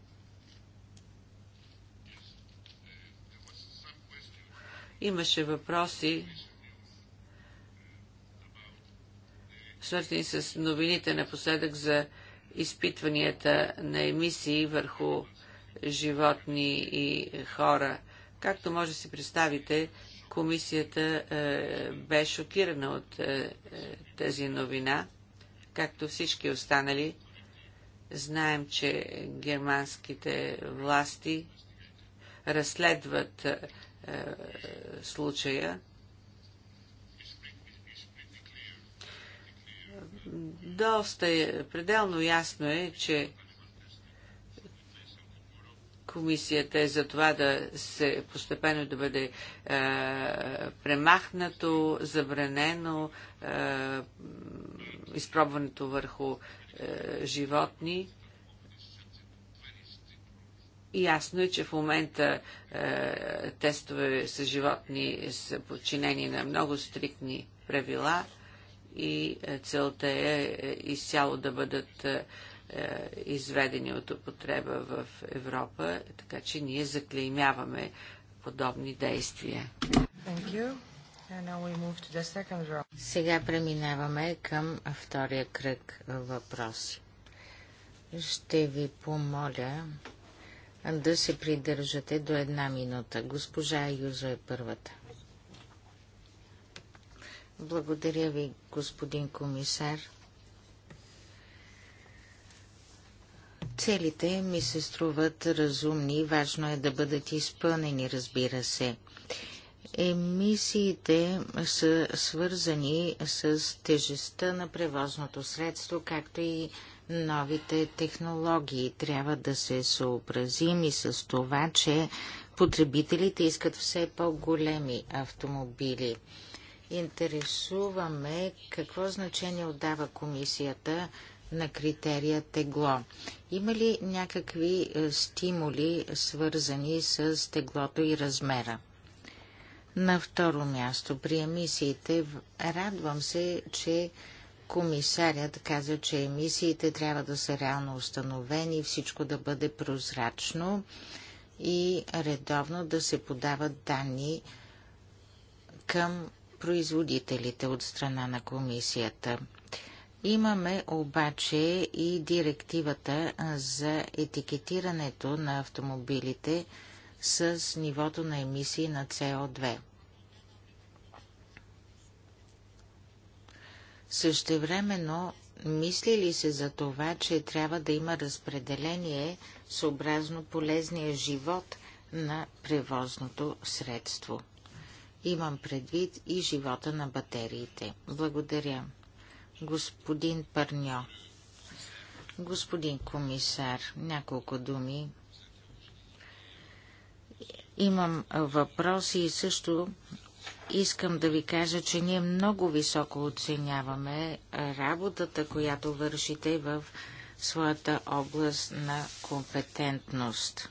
имаше въпроси, свързани с новините напоследък за изпитванията на емисии върху животни и хора. Както може да си представите, комисията е, бе шокирана от е, е тази новина. Както всички останали, знаем, че германските власти разследват е, случая. Доста е, пределно ясно е, че комисията е за това да се постепенно да бъде е, премахнато, забранено, е, изпробването върху е, животни. И ясно е, че в момента е, тестове с животни са подчинени на много стриктни правила и е, целта е, е изцяло да бъдат е, е, изведени от употреба в Европа, така че ние заклеймяваме подобни действия. Thank you. Сега преминаваме към втория кръг въпроси. Ще ви помоля да се придържате до една минута. Госпожа Юзо е първата. Благодаря ви, господин комисар. Целите ми се струват разумни и важно е да бъдат изпълнени, разбира се. Емисиите са свързани с тежестта на превозното средство, както и новите технологии. Трябва да се съобразим и с това, че потребителите искат все по-големи автомобили. Интересуваме какво значение отдава комисията на критерия тегло. Има ли някакви е, стимули, свързани с теглото и размера? На второ място при емисиите радвам се, че комисарят каза, че емисиите трябва да са реално установени, всичко да бъде прозрачно и редовно да се подават данни към производителите от страна на комисията. Имаме обаче и директивата за етикетирането на автомобилите – с нивото на емисии на СО2. Същевременно, мисли ли се за това, че трябва да има разпределение съобразно полезния живот на превозното средство? Имам предвид и живота на батериите. Благодаря. Господин Парньо. Господин комисар, няколко думи Имам въпроси и също искам да ви кажа, че ние много високо оценяваме работата, която вършите в своята област на компетентност.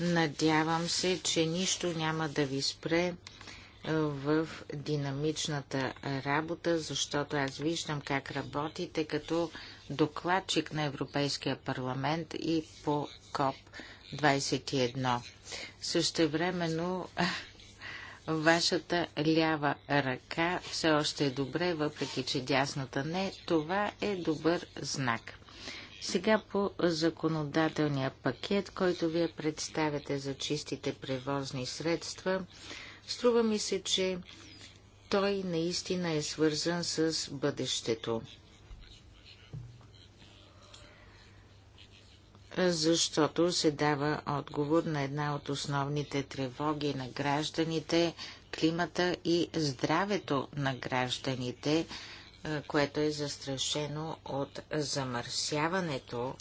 Надявам се, че нищо няма да ви спре в динамичната работа, защото аз виждам как работите като докладчик на Европейския парламент и по КОП 21. Същевременно (laughs) вашата лява ръка все още е добре, въпреки че дясната не. Това е добър знак. Сега по законодателния пакет, който вие представяте за чистите превозни средства, струва ми се, че той наистина е свързан с бъдещето. защото се дава отговор на една от основните тревоги на гражданите, климата и здравето на гражданите, е, което е застрашено от замърсяването,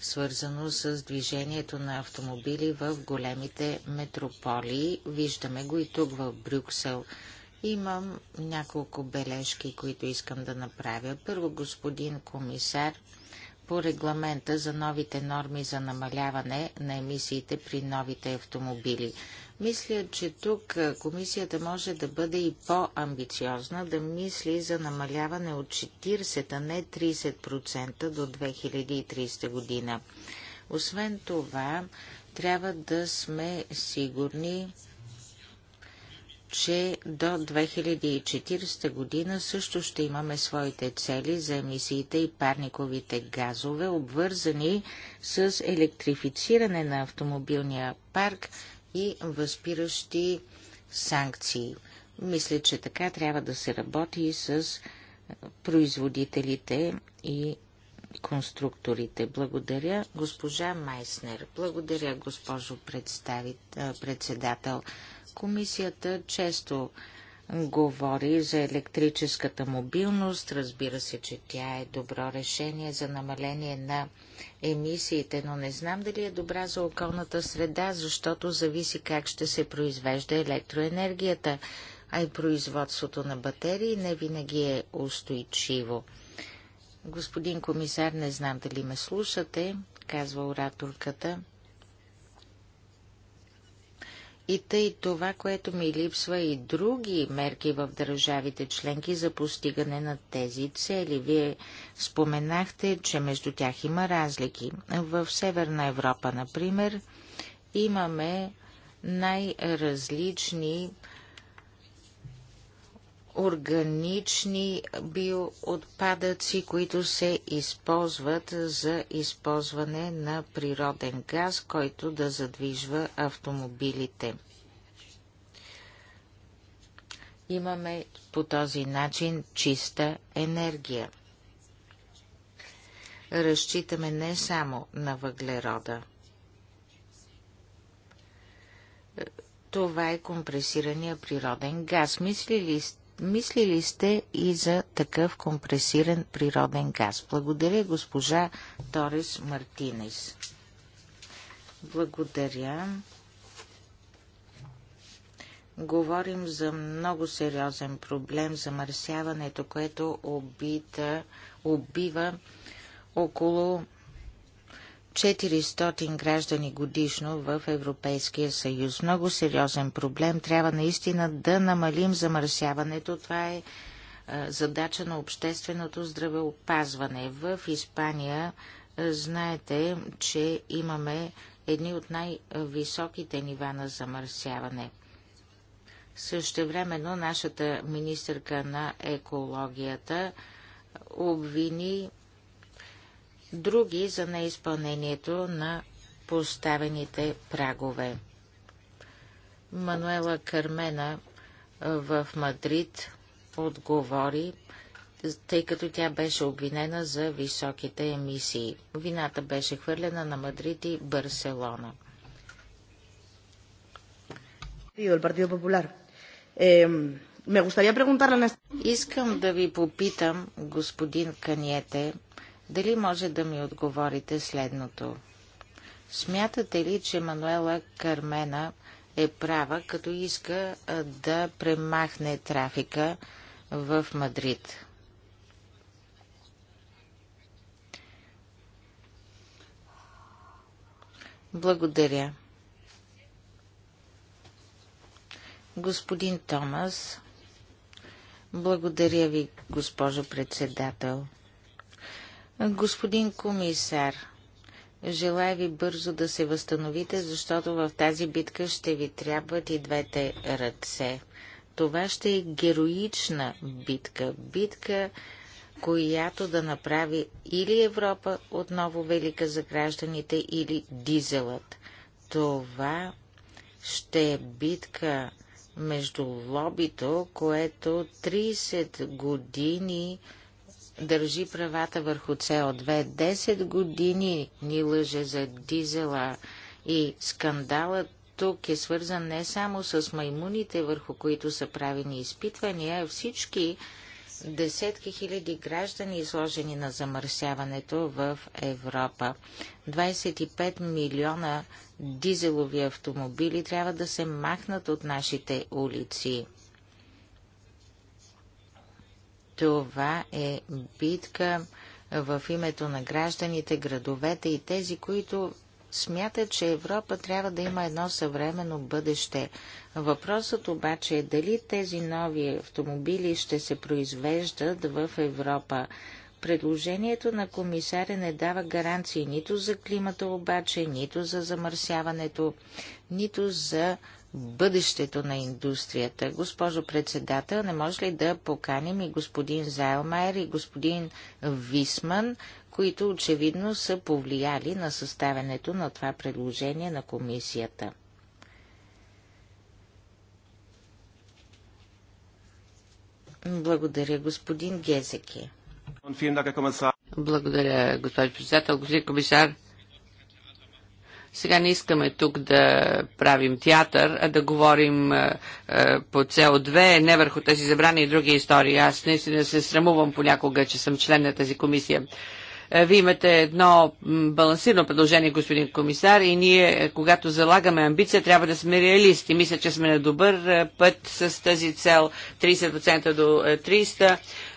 свързано с движението на автомобили в големите метрополии. Виждаме го и тук в Брюксел. Имам няколко бележки, които искам да направя. Първо, господин комисар, по регламента за новите норми за намаляване на емисиите при новите автомобили. Мисля, че тук комисията може да бъде и по-амбициозна, да мисли за намаляване от 40, а не 30% до 2030 година. Освен това, трябва да сме сигурни, че до 2040 година също ще имаме своите цели за емисиите и парниковите газове, обвързани с електрифициране на автомобилния парк и възпиращи санкции. Мисля, че така трябва да се работи и с производителите и конструкторите. Благодаря, госпожа Майснер. Благодаря, госпожо председател. Комисията често говори за електрическата мобилност. Разбира се, че тя е добро решение за намаление на емисиите, но не знам дали е добра за околната среда, защото зависи как ще се произвежда електроенергията, а и производството на батерии не винаги е устойчиво. Господин комисар, не знам дали ме слушате, казва ораторката. И тъй това, което ми липсва и други мерки в държавите членки за постигане на тези цели. Вие споменахте, че между тях има разлики. В Северна Европа, например, имаме най-различни органични биоотпадъци, които се използват за използване на природен газ, който да задвижва автомобилите. Имаме по този начин чиста енергия. Разчитаме не само на въглерода. Това е компресирания природен газ. Мислили сте, Мислили сте и за такъв компресиран природен газ? Благодаря, госпожа Торис Мартинес. Благодаря. Говорим за много сериозен проблем замърсяването, което убита, убива около 400 граждани годишно в Европейския съюз. Много сериозен проблем. Трябва наистина да намалим замърсяването. Това е задача на общественото здравеопазване. В Испания знаете, че имаме едни от най-високите нива на замърсяване. Също времено нашата министърка на екологията обвини други за неизпълнението на поставените прагове. Мануела Кармена в Мадрид отговори, тъй като тя беше обвинена за високите емисии. Вината беше хвърлена на Мадрид и Барселона. Искам да ви попитам, господин Каниете, дали може да ми отговорите следното? Смятате ли, че Мануела Кармена е права, като иска да премахне трафика в Мадрид? Благодаря. Господин Томас, благодаря ви, госпожо председател. Господин комисар, желая ви бързо да се възстановите, защото в тази битка ще ви трябват и двете ръце. Това ще е героична битка. Битка, която да направи или Европа отново велика за гражданите, или дизелът. Това ще е битка между лобито, което 30 години държи правата върху СО2. 10 години ни лъже за дизела и скандалът тук е свързан не само с маймуните, върху които са правени изпитвания, а всички десетки хиляди граждани, изложени на замърсяването в Европа. 25 милиона дизелови автомобили трябва да се махнат от нашите улици. Това е битка в името на гражданите, градовете и тези, които смятат, че Европа трябва да има едно съвременно бъдеще. Въпросът обаче е дали тези нови автомобили ще се произвеждат в Европа. Предложението на комисаря не дава гаранции нито за климата обаче, нито за замърсяването, нито за бъдещето на индустрията. Госпожо председател, не може ли да поканим и господин Зайлмайер и господин Висман, които очевидно са повлияли на съставянето на това предложение на комисията? Благодаря, господин Гезеки. Благодаря, госпожо председател, господин комисар. Сега не искаме тук да правим театър, а да говорим е, по CO2, не върху тези забрани и други истории. Аз наистина се срамувам понякога, че съм член на тази комисия. Вие имате едно балансирано предложение, господин комисар, и ние, е, когато залагаме амбиция, трябва да сме реалисти. Мисля, че сме на добър път с тази цел 30% до 300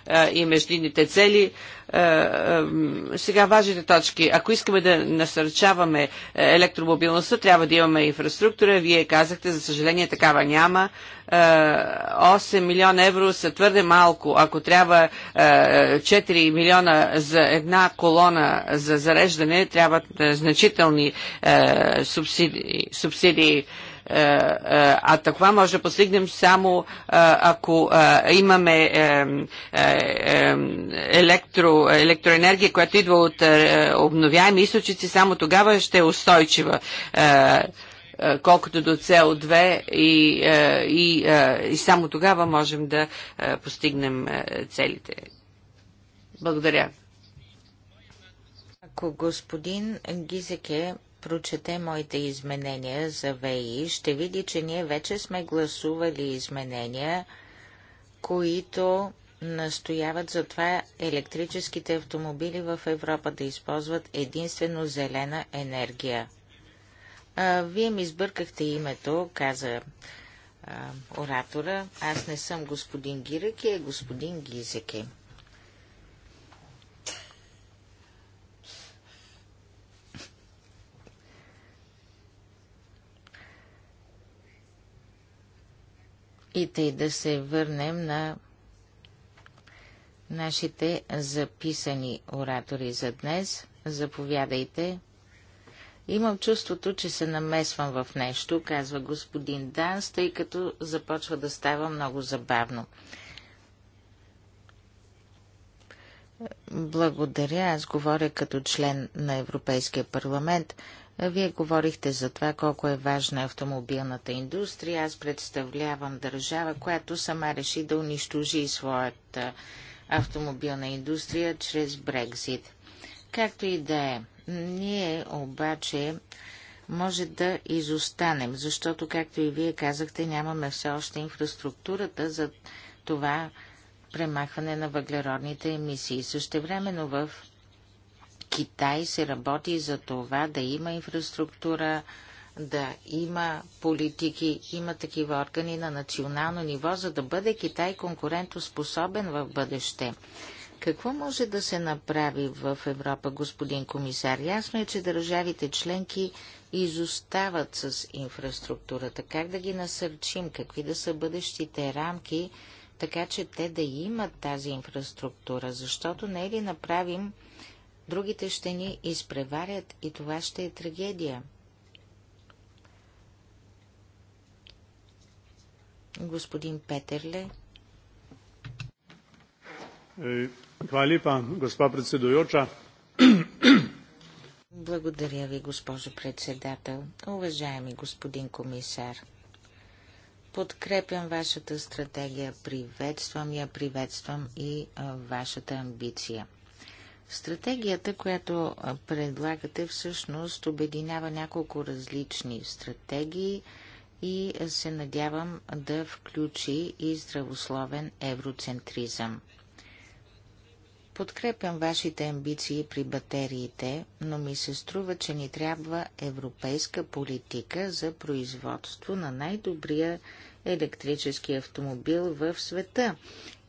е, и междинните цели. Е, е, сега важните точки. Ако искаме да насърчаваме е, електромобилността, трябва да имаме инфраструктура. Вие казахте, за съжаление такава няма. 8 милиона евро са твърде малко. Ако трябва 4 милиона за една колона за зареждане, трябват значителни субсидии. субсидии е, е, а това може да постигнем само е, ако имаме електро, електроенергия, която идва от обновяеми източници, само тогава ще е устойчива колкото до CO2 и, и, и само тогава можем да постигнем целите. Благодаря. Ако господин Гизеке прочете моите изменения за ВИ, ще види, че ние вече сме гласували изменения, които настояват за това електрическите автомобили в Европа да използват единствено зелена енергия. А, вие ми сбъркахте името, каза а, оратора. Аз не съм господин Гиреки, е господин Гизеки. И тъй да се върнем на нашите записани оратори за днес. Заповядайте. Имам чувството, че се намесвам в нещо, казва господин Данс, тъй като започва да става много забавно. Благодаря. Аз говоря като член на Европейския парламент. Вие говорихте за това колко е важна автомобилната индустрия. Аз представлявам държава, която сама реши да унищожи своята автомобилна индустрия чрез Брекзит. Както и да е, ние обаче може да изостанем, защото, както и вие казахте, нямаме все още инфраструктурата за това премахване на въглеродните емисии. също времено в Китай се работи за това да има инфраструктура, да има политики, има такива органи на национално ниво, за да бъде Китай конкурентоспособен в бъдеще. Какво може да се направи в Европа, господин комисар? Ясно е, че държавите членки изостават с инфраструктурата. Как да ги насърчим? Какви да са бъдещите рамки, така че те да имат тази инфраструктура? Защото не е ли направим другите ще ни изпреварят и това ще е трагедия. Господин Петерле. Хвалипа, госпожа председуюча. Благодаря ви, госпожо председател. Уважаеми господин комисар, подкрепям вашата стратегия, приветствам я, приветствам и вашата амбиция. Стратегията, която предлагате, всъщност обединява няколко различни стратегии и се надявам да включи и здравословен евроцентризъм. Подкрепям вашите амбиции при батериите, но ми се струва, че ни трябва европейска политика за производство на най-добрия електрически автомобил в света.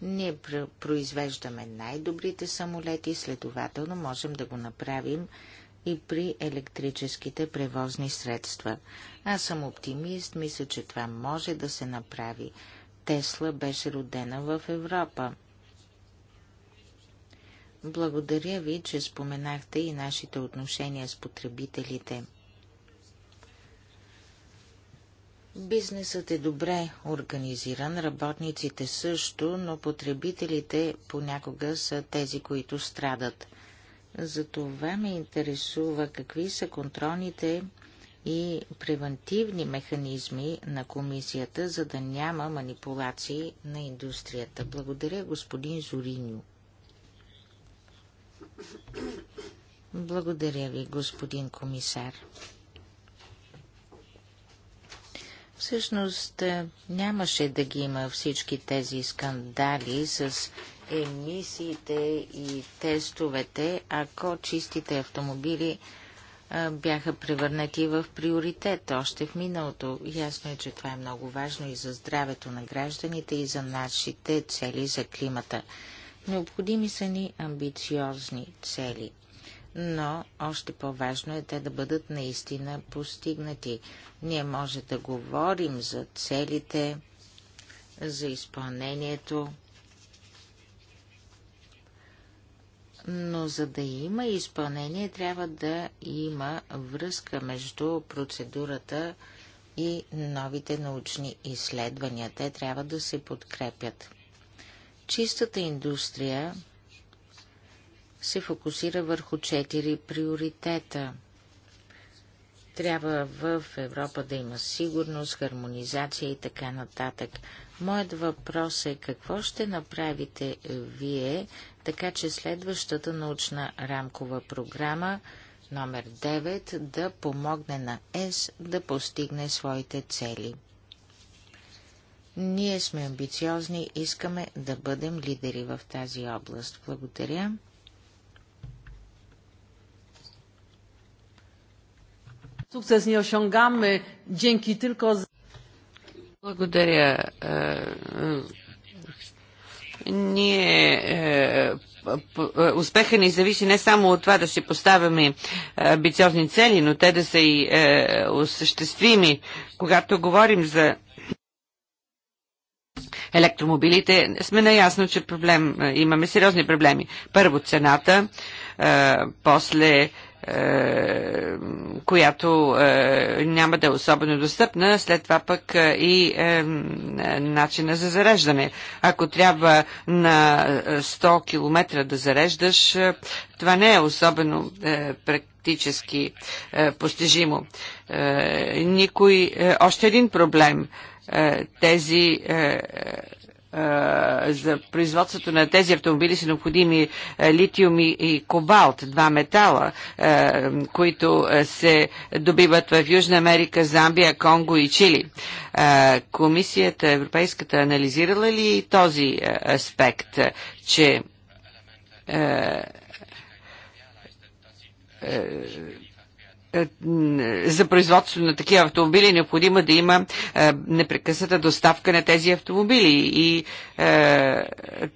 Ние произвеждаме най-добрите самолети, следователно можем да го направим и при електрическите превозни средства. Аз съм оптимист, мисля, че това може да се направи. Тесла беше родена в Европа. Благодаря ви, че споменахте и нашите отношения с потребителите – Бизнесът е добре организиран, работниците също, но потребителите понякога са тези, които страдат. Затова ме интересува какви са контролните и превентивни механизми на комисията, за да няма манипулации на индустрията. Благодаря, господин Зориню. Благодаря ви, господин комисар. Всъщност е, нямаше да ги има всички тези скандали с емисиите и тестовете, ако чистите автомобили е, бяха превърнати в приоритет още в миналото. Ясно е, че това е много важно и за здравето на гражданите, и за нашите цели за климата. Необходими са ни амбициозни цели – но още по-важно е те да бъдат наистина постигнати. Ние може да говорим за целите, за изпълнението, но за да има изпълнение, трябва да има връзка между процедурата и новите научни изследвания. Те трябва да се подкрепят. Чистата индустрия се фокусира върху четири приоритета. Трябва в Европа да има сигурност, хармонизация и така нататък. Моят въпрос е какво ще направите вие, така че следващата научна рамкова програма номер 9 да помогне на ЕС да постигне своите цели. Ние сме амбициозни, искаме да бъдем лидери в тази област. Благодаря. Sukces nie osiągamy dzięki tylko... Благодаря. Е, е, ние е, успеха ни зависи не само от това да си поставяме амбициозни цели, но те да са и осъществими. Когато говорим за електромобилите, сме наясно, че проблем, имаме сериозни проблеми. Първо цената, после е, която е, няма да е особено достъпна, след това пък е, и начина за зареждане. Ако трябва на 100 км да зареждаш, това не е особено практически постижимо. Никой... Още един проблем. Тези за производството на тези автомобили са необходими литиум и кобалт, два метала, които се добиват в Южна Америка, Замбия, Конго и Чили. Комисията Европейската анализирала ли този аспект, че е, за производство на такива автомобили е необходимо да има е, непрекъсната доставка на тези автомобили. И е,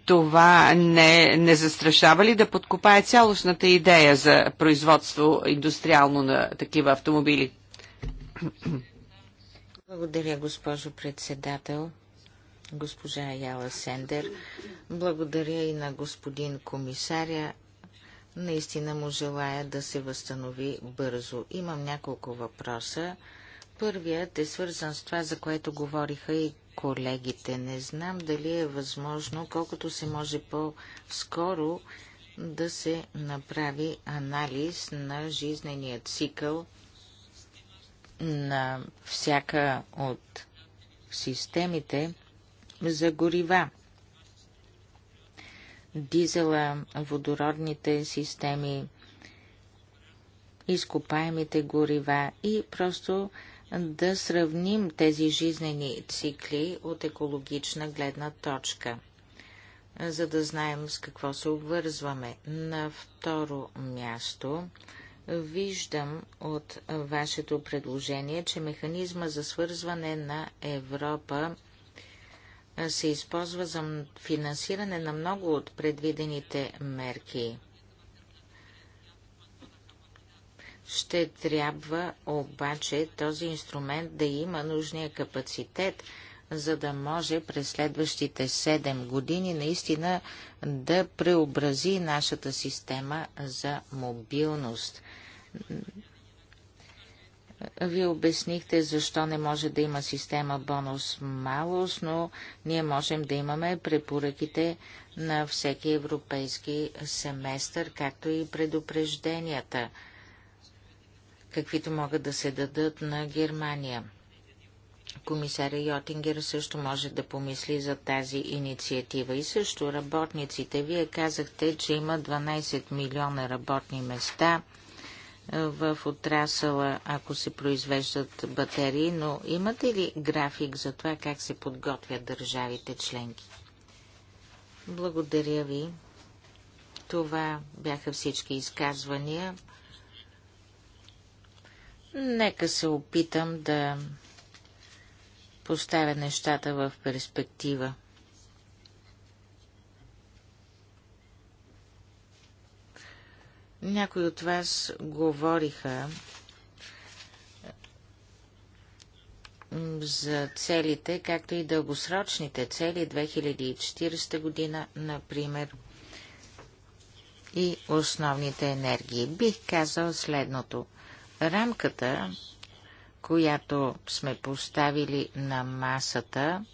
това не, не застрашава ли да подкопае цялостната идея за производство индустриално на такива автомобили? Благодаря, госпожо председател, госпожа Яла Сендер. Благодаря и на господин комисаря Наистина му желая да се възстанови бързо. Имам няколко въпроса. Първият е свързан с това, за което говориха и колегите. Не знам дали е възможно, колкото се може по-скоро, да се направи анализ на жизнения цикъл на всяка от системите за горива дизела, водородните системи, изкопаемите горива и просто да сравним тези жизнени цикли от екологична гледна точка, за да знаем с какво се обвързваме. На второ място виждам от вашето предложение, че механизма за свързване на Европа се използва за финансиране на много от предвидените мерки. Ще трябва обаче този инструмент да има нужния капацитет, за да може през следващите 7 години наистина да преобрази нашата система за мобилност. Вие обяснихте защо не може да има система бонус-малус, но ние можем да имаме препоръките на всеки европейски семестър, както и предупрежденията, каквито могат да се дадат на Германия. Комисаря Йотингер също може да помисли за тази инициатива. И също работниците. Вие казахте, че има 12 милиона работни места – в отрасъла, ако се произвеждат батерии, но имате ли график за това как се подготвят държавите членки? Благодаря ви. Това бяха всички изказвания. Нека се опитам да поставя нещата в перспектива. Някои от вас говориха за целите, както и дългосрочните цели 2040 година, например, и основните енергии. Бих казал следното. Рамката, която сме поставили на масата,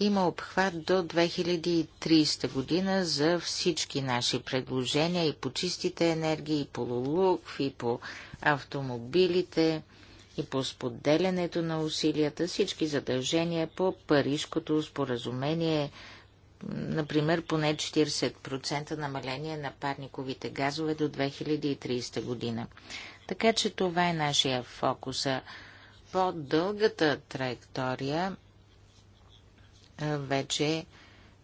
има обхват до 2030 година за всички наши предложения и по чистите енергии, и по лулук, и по автомобилите, и по споделянето на усилията, всички задължения по Парижкото споразумение, например поне 40% намаление на парниковите газове до 2030 година. Така че това е нашия фокус. По-дългата траектория вече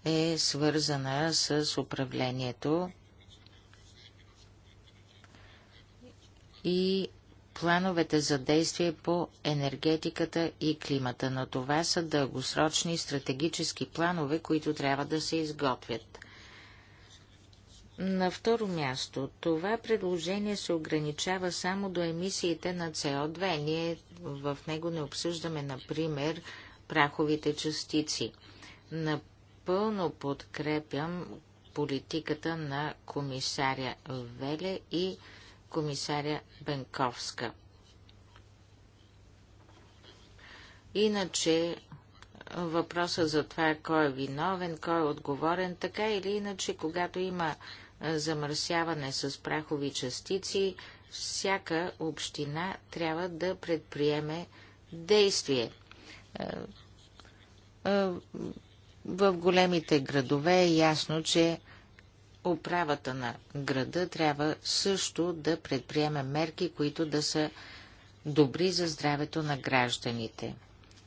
е свързана с управлението и плановете за действие по енергетиката и климата, но това са дългосрочни стратегически планове, които трябва да се изготвят. На второ място, това предложение се ограничава само до емисиите на СО2. Ние в него не обсъждаме, например, праховите частици. Напълно подкрепям политиката на комисаря Веле и комисаря Бенковска. Иначе въпросът за това кой е виновен, кой е отговорен, така или иначе, когато има замърсяване с прахови частици, всяка община трябва да предприеме действие. В големите градове е ясно, че управата на града трябва също да предприеме мерки, които да са добри за здравето на гражданите.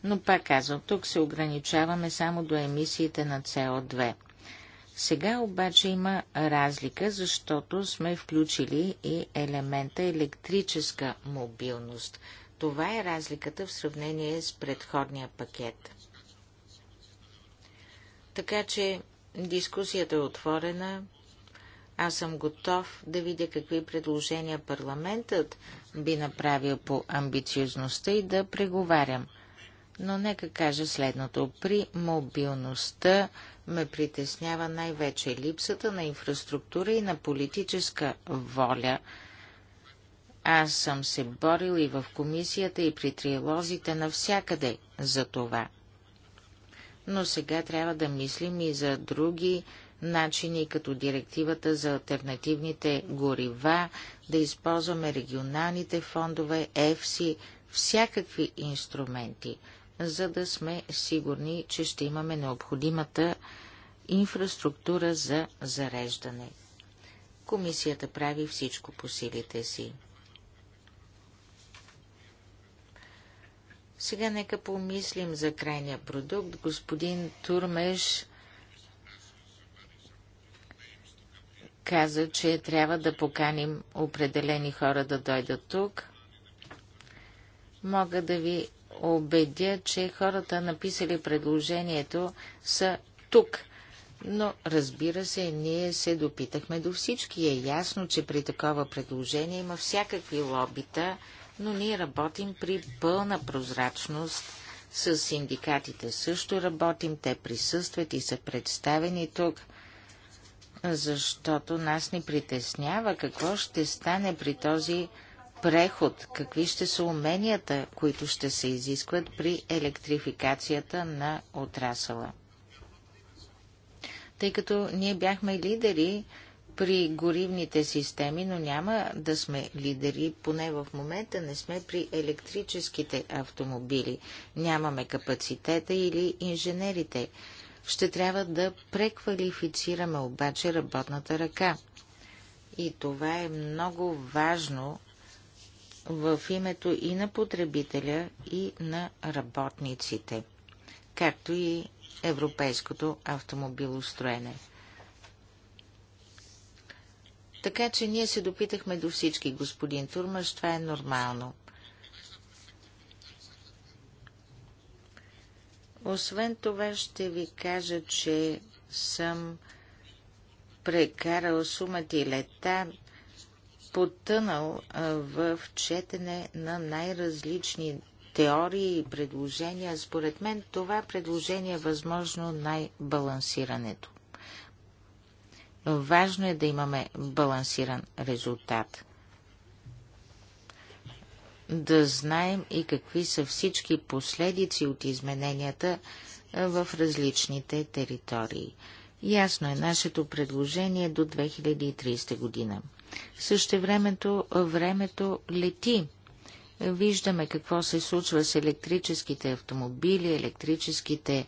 Но пак казвам, тук се ограничаваме само до емисиите на СО2. Сега обаче има разлика, защото сме включили и елемента електрическа мобилност. Това е разликата в сравнение с предходния пакет. Така че дискусията е отворена. Аз съм готов да видя какви предложения парламентът би направил по амбициозността и да преговарям. Но нека кажа следното. При мобилността ме притеснява най-вече липсата на инфраструктура и на политическа воля. Аз съм се борил и в комисията, и при триалозите навсякъде за това – но сега трябва да мислим и за други начини, като директивата за альтернативните горива, да използваме регионалните фондове, ЕФСИ, всякакви инструменти, за да сме сигурни, че ще имаме необходимата инфраструктура за зареждане. Комисията прави всичко по силите си. Сега нека помислим за крайния продукт. Господин Турмеш каза, че трябва да поканим определени хора да дойдат тук. Мога да ви убедя, че хората, написали предложението, са тук. Но, разбира се, ние се допитахме до всички. Е ясно, че при такова предложение има всякакви лобита, но ние работим при пълна прозрачност с синдикатите. Също работим, те присъстват и са представени тук, защото нас ни притеснява какво ще стане при този преход, какви ще са уменията, които ще се изискват при електрификацията на отрасъла. Тъй като ние бяхме лидери при горивните системи, но няма да сме лидери, поне в момента не сме при електрическите автомобили. Нямаме капацитета или инженерите. Ще трябва да преквалифицираме обаче работната ръка. И това е много важно в името и на потребителя, и на работниците, както и европейското автомобилостроене. Така че ние се допитахме до всички, господин Турмаш, това е нормално. Освен това ще ви кажа, че съм прекарал сумата и лета, потънал в четене на най-различни теории и предложения. Според мен това предложение е възможно най-балансирането. Важно е да имаме балансиран резултат. Да знаем и какви са всички последици от измененията в различните територии. Ясно е нашето предложение е до 2030 година. времето, времето лети. Виждаме какво се случва с електрическите автомобили, електрическите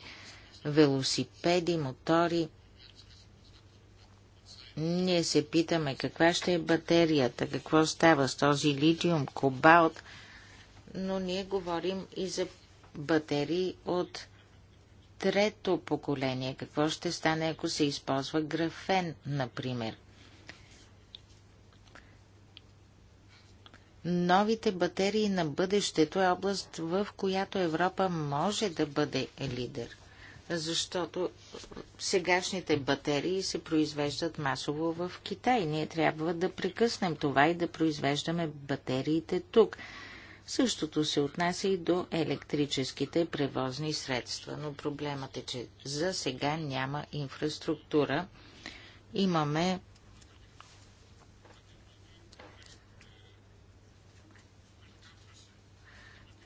велосипеди, мотори – ние се питаме каква ще е батерията, какво става с този литиум, кобалт, но ние говорим и за батерии от трето поколение. Какво ще стане, ако се използва графен, например? Новите батерии на бъдещето е област, в която Европа може да бъде лидер – защото сегашните батерии се произвеждат масово в Китай. Ние трябва да прекъснем това и да произвеждаме батериите тук. Същото се отнася и до електрическите превозни средства, но проблемът е, че за сега няма инфраструктура. Имаме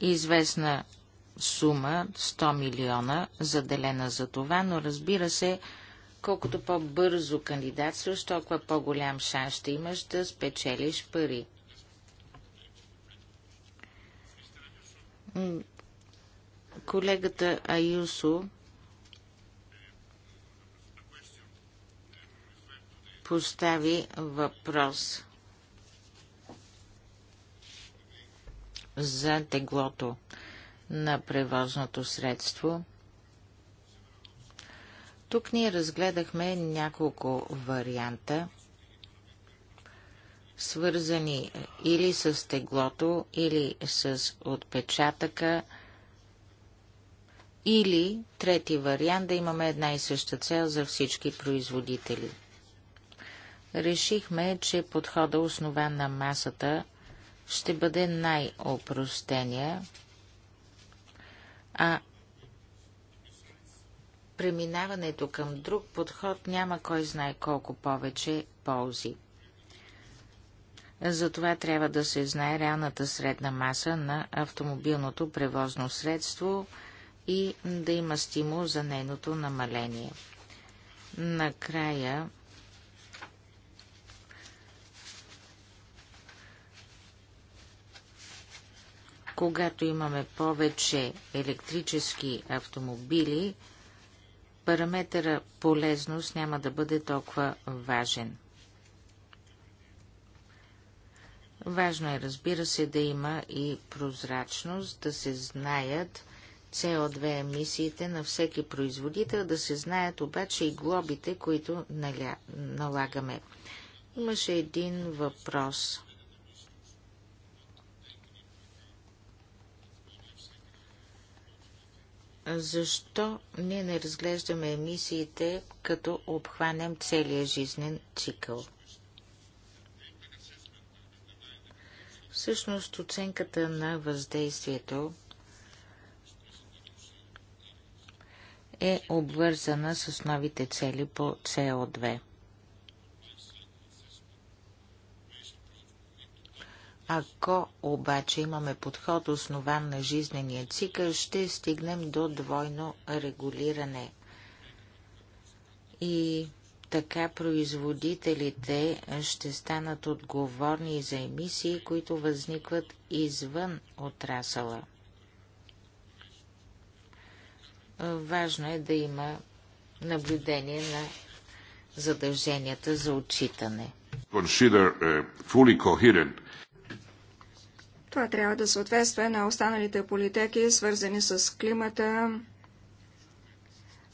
известна сума 100 милиона заделена за това, но разбира се, колкото по-бързо кандидатстваш, толкова по-голям шанс ще имаш да спечелиш пари. Колегата Аюсо постави въпрос за теглото на превозното средство. Тук ние разгледахме няколко варианта, свързани или с теглото, или с отпечатъка, или трети вариант да имаме една и съща цел за всички производители. Решихме, че подхода основа на масата ще бъде най-опростения, а преминаването към друг подход няма кой знае колко повече ползи. Затова трябва да се знае реалната средна маса на автомобилното превозно средство и да има стимул за нейното намаление. Накрая Когато имаме повече електрически автомобили, параметъра полезност няма да бъде толкова важен. Важно е, разбира се, да има и прозрачност, да се знаят CO2 емисиите на всеки производител, да се знаят обаче и глобите, които наля... налагаме. Имаше един въпрос. Защо ние не разглеждаме емисиите, като обхванем целия жизнен цикъл? Всъщност оценката на въздействието е обвързана с новите цели по CO2. Ако обаче имаме подход основан на жизнения цикъл, ще стигнем до двойно регулиране. И така производителите ще станат отговорни за емисии, които възникват извън отрасъла. Важно е да има наблюдение на задълженията за отчитане. Consider, uh, това трябва да съответства на останалите политики, свързани с климата,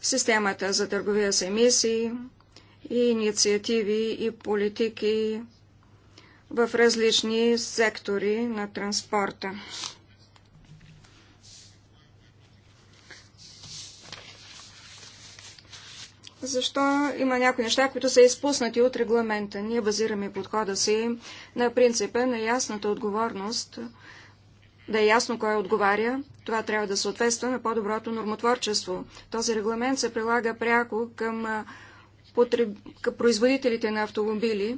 системата за търговия с емисии и инициативи и политики в различни сектори на транспорта. защо има някои неща, които са изпуснати от регламента. Ние базираме подхода си на принципа на ясната отговорност, да е ясно кой отговаря. Това трябва да съответства на по-доброто нормотворчество. Този регламент се прилага пряко към, потреб... към производителите на автомобили.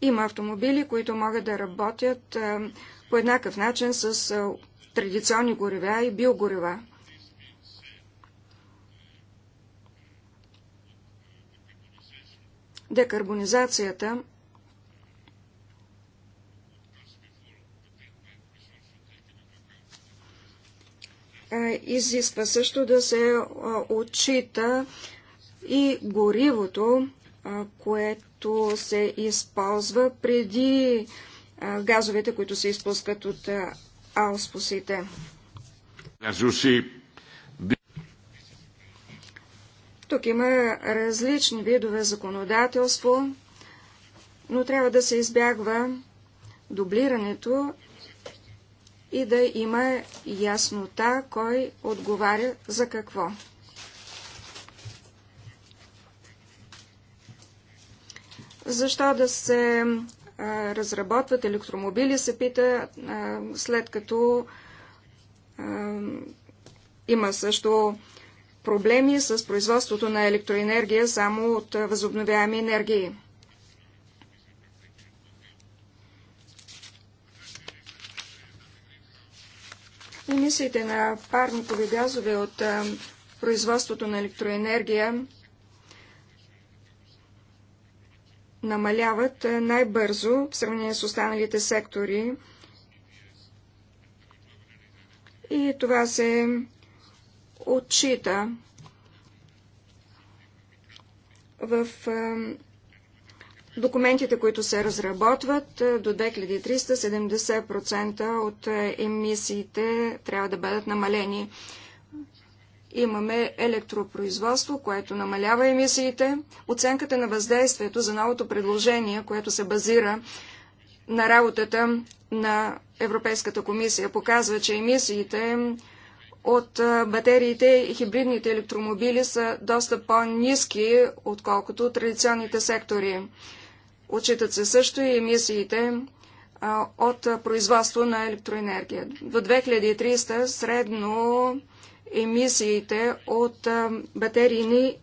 Има автомобили, които могат да работят по еднакъв начин с традиционни горива и биогорива. декарбонизацията е, изисква също да се е, отчита и горивото, е, което се използва преди газовете, които се изпускат от ауспусите. Газуси Тук има различни видове законодателство, но трябва да се избягва дублирането и да има яснота кой отговаря за какво. Защо да се а, разработват електромобили, се пита, а, след като а, има също проблеми с производството на електроенергия само от възобновяеми енергии. Емисиите на парникови газове от производството на електроенергия намаляват най-бързо в сравнение с останалите сектори. И това се отчита в документите, които се разработват до 2370% от емисиите трябва да бъдат намалени. Имаме електропроизводство, което намалява емисиите. Оценката на въздействието за новото предложение, което се базира на работата на Европейската комисия, показва, че емисиите от батериите и хибридните електромобили са доста по-низки, отколкото традиционните сектори. Отчитат се също и емисиите от производство на електроенергия. До 2300 средно емисиите от батерийни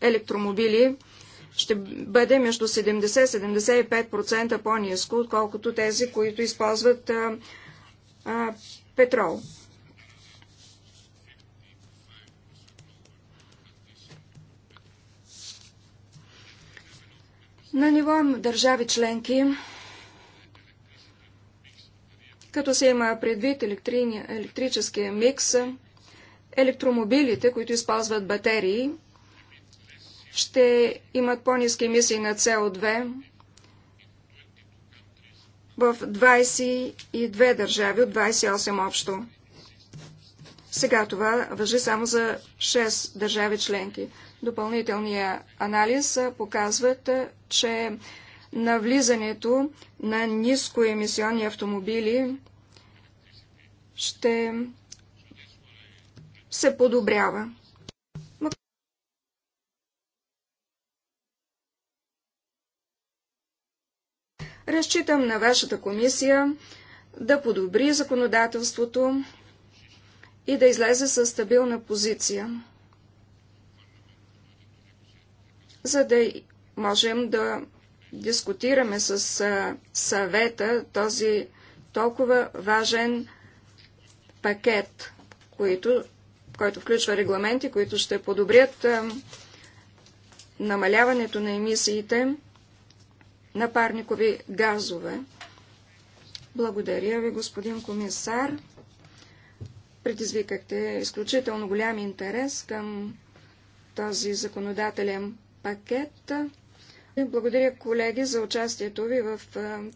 електромобили ще бъде между 70-75% по-низко, отколкото тези, които използват петрол. На ниво държави членки, като се има предвид електрическия микс, електромобилите, които използват батерии, ще имат по-низки емисии на СО2 в 22 държави от 28 общо. Сега това въжи само за 6 държави членки. Допълнителния анализ показват, че навлизането на нискоемисионни автомобили ще се подобрява. Разчитам на вашата комисия да подобри законодателството и да излезе със стабилна позиция за да можем да дискутираме с съвета този толкова важен пакет, който, който включва регламенти, които ще подобрят намаляването на емисиите на парникови газове. Благодаря ви, господин комисар. Предизвикахте изключително голям интерес към този законодателен пакет. Благодаря, колеги, за участието ви в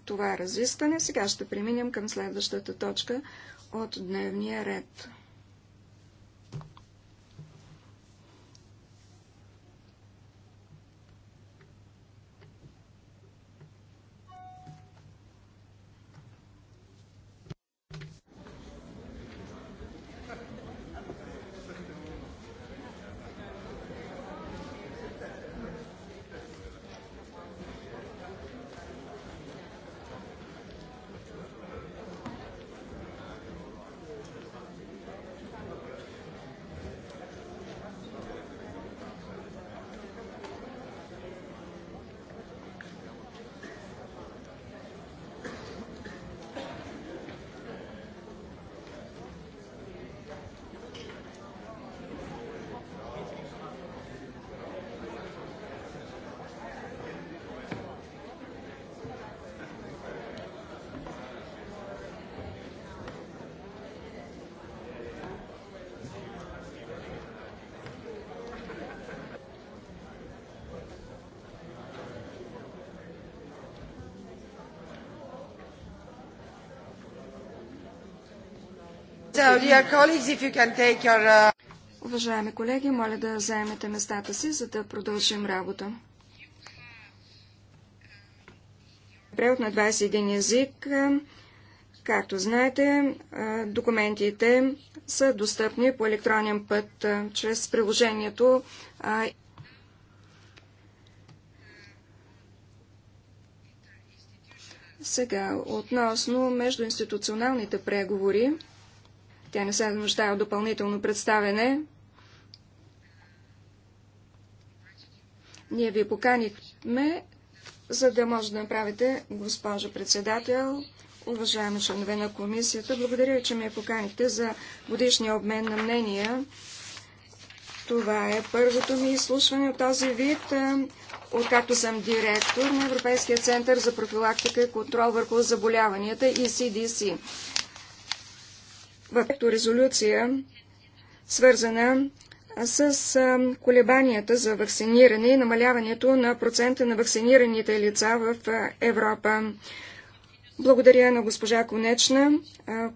това разискване. Сега ще преминем към следващата точка от дневния ред. Uh, Уважаеми колеги, моля да заемете местата си, за да продължим работа. Превод на 21 език. Както знаете, документите са достъпни по електронен път чрез приложението Сега, относно междуинституционалните преговори, тя не се нуждае от допълнително представене. Ние ви поканихме, за да може да направите, госпожа председател, уважаеми членове на комисията. Благодаря, че ме поканихте за годишния обмен на мнения. Това е първото ми изслушване от този вид, откакто съм директор на Европейския център за профилактика и контрол върху заболяванията и CDC в резолюция, свързана с колебанията за вакциниране и намаляването на процента на вакцинираните лица в Европа. Благодаря на госпожа Конечна,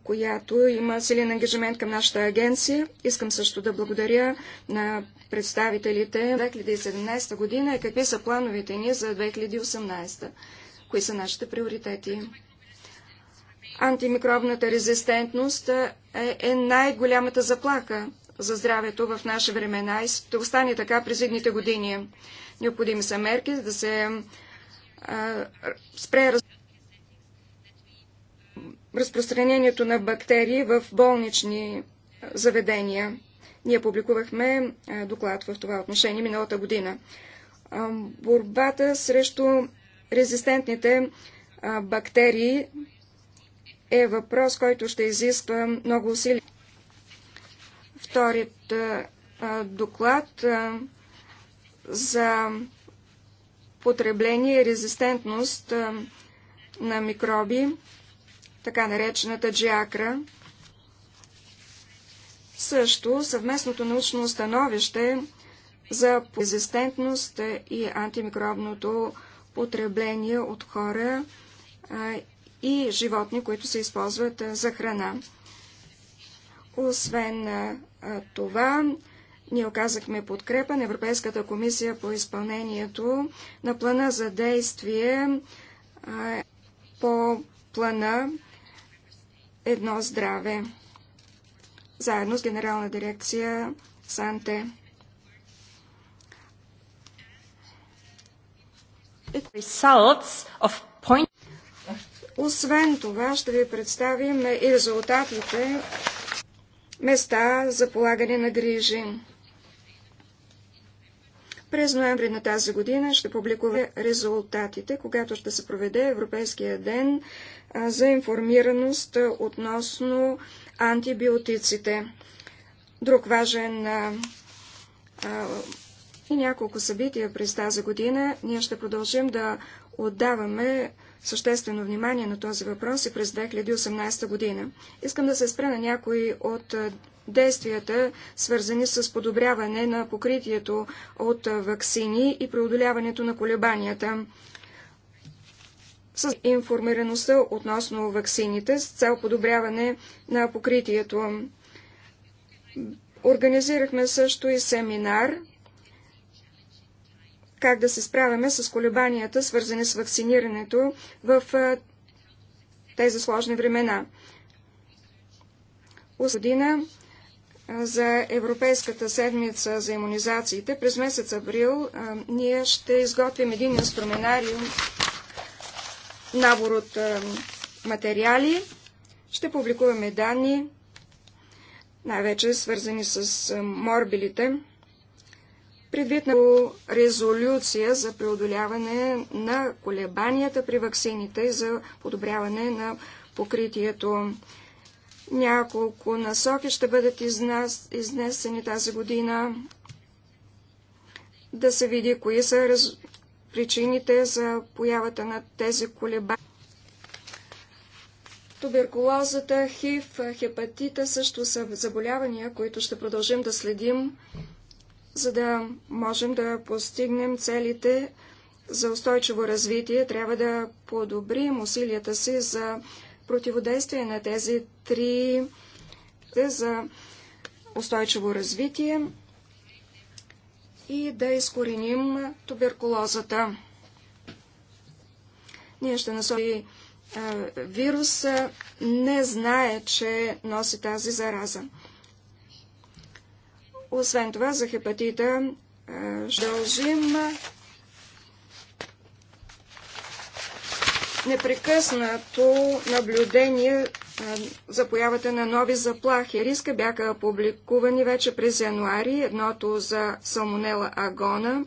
която има силен ангажимент към нашата агенция. Искам също да благодаря на представителите 2017 година и какви са плановете ни за 2018. Кои са нашите приоритети? Антимикробната резистентност е, е най-голямата заплаха за здравето в наши времена и ще остане така през едните години. Необходими са мерки да се а, спре раз... разпространението на бактерии в болнични заведения. Ние публикувахме доклад в това отношение миналата година. борбата срещу резистентните бактерии е въпрос, който ще изисква много усилия. Вторият доклад за потребление и резистентност на микроби, така наречената джиакра. Също съвместното научно становище за резистентност и антимикробното потребление от хора и животни, които се използват за храна. Освен това, ние оказахме подкрепа на Европейската комисия по изпълнението на плана за действие по плана Едно здраве, заедно с Генерална дирекция Санте. Results of освен това, ще ви представим и резултатите места за полагане на грижи. През ноември на тази година ще публикуваме резултатите, когато ще се проведе Европейския ден за информираност относно антибиотиците. Друг важен а, и няколко събития през тази година ние ще продължим да отдаваме съществено внимание на този въпрос и през 2018 година. Искам да се спра на някои от действията, свързани с подобряване на покритието от вакцини и преодоляването на колебанията. С информираността относно вакцините с цел подобряване на покритието. Организирахме също и семинар как да се справяме с колебанията, свързани с вакцинирането в тези сложни времена. Година за Европейската седмица за иммунизациите през месец април ние ще изготвим един инструментариум, набор от материали, ще публикуваме данни, най-вече свързани с морбилите предвид на резолюция за преодоляване на колебанията при ваксините и за подобряване на покритието. Няколко насоки ще бъдат изнесени тази година. Да се види кои са раз... причините за появата на тези колебания. Туберкулозата, ХИВ, хепатита също са заболявания, които ще продължим да следим за да можем да постигнем целите за устойчиво развитие, трябва да подобрим усилията си за противодействие на тези три за устойчиво развитие и да изкореним туберкулозата. Ние ще насочим е, вируса е, не знае, че носи тази зараза. Освен това, за хепатита ще дължим непрекъснато наблюдение за появата на нови заплахи. Риска бяха публикувани вече през януари, едното за салмонела агона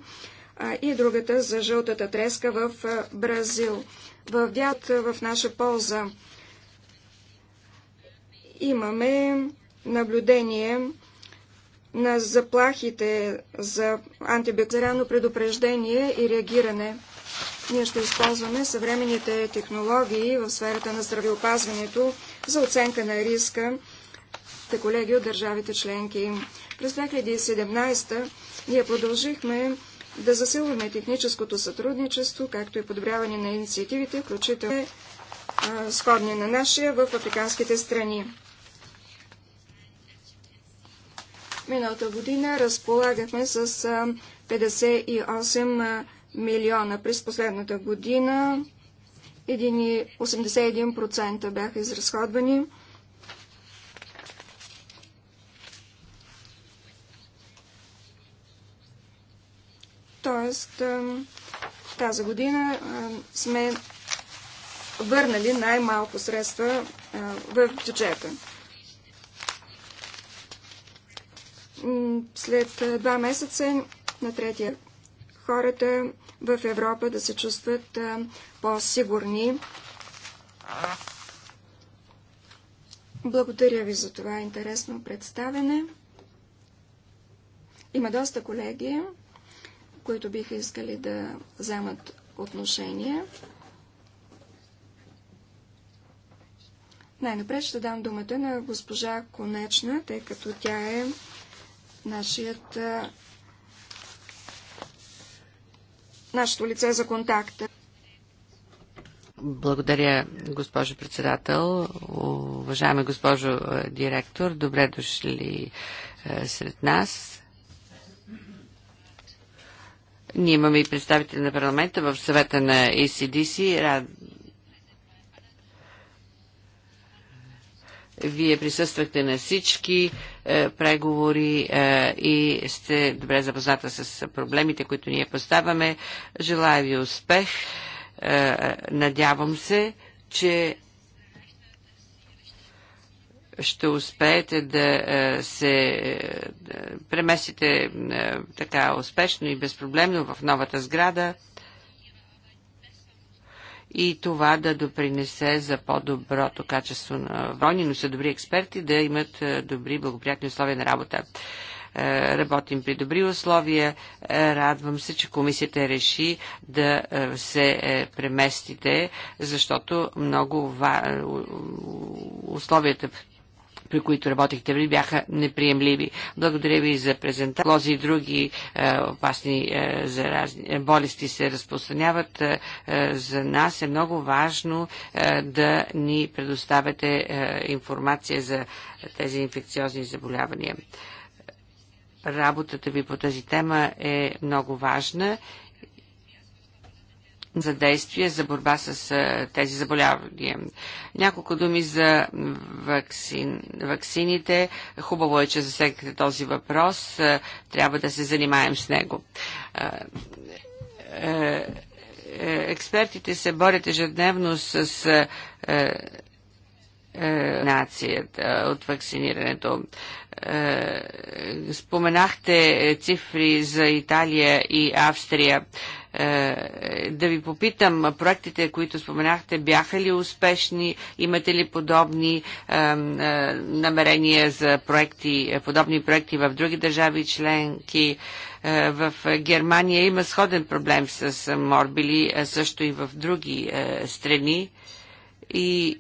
и другата за жълтата треска в Бразил. В вят в наша полза имаме наблюдение на заплахите за антибактериално предупреждение и реагиране. Ние ще използваме съвременните технологии в сферата на здравеопазването за оценка на риска те колеги от държавите членки. През 2017 ние продължихме да засилваме техническото сътрудничество, както и подобряване на инициативите, включително сходни на нашия в африканските страни. Миналата година разполагахме с 58 милиона. През последната година 81% бяха изразходвани. Тоест, тази година сме върнали най-малко средства в бюджета. след два месеца на третия хората в Европа да се чувстват по-сигурни. Благодаря ви за това интересно представене. Има доста колеги, които биха искали да вземат отношение. Най-напред ще дам думата на госпожа Конечна, тъй като тя е нашият, нашето лице за контакт. Благодаря, госпожо председател. Уважаема госпожо директор, добре дошли сред нас. Ние имаме и представители на парламента в съвета на ECDC. Рад, Вие присъствахте на всички е, преговори е, и сте добре запозната с проблемите, които ние поставяме. Желая ви успех. Е, надявам се, че ще успеете да е, се е, преместите е, така успешно и безпроблемно в новата сграда и това да допринесе за по-доброто качество на войни, но са добри експерти, да имат е, добри благоприятни условия на работа. Е, работим при добри условия. Е, радвам се, че комисията реши да се преместите, защото много условията при които работихте ви, бяха неприемливи. Благодаря ви за презентация. Лози и други е, опасни е, заразни, е, болести се разпространяват. Е, е, за нас е много важно е, да ни предоставяте е, информация за тези инфекциозни заболявания работата ви по тази тема е много важна за действие за борба с тези заболявания. Няколко думи за вакцин, вакцините. Хубаво е, че засегнахте този въпрос. Трябва да се занимаем с него е, е, експертите се борят ежедневно с е, е нацията от вакцинирането. споменахте цифри за Италия и Австрия. Е, да ви попитам, проектите, които споменахте, бяха ли успешни? Имате ли подобни е, е, намерения за проекти, подобни проекти в други държави членки? В Германия има сходен проблем с морбили, също и в други страни. И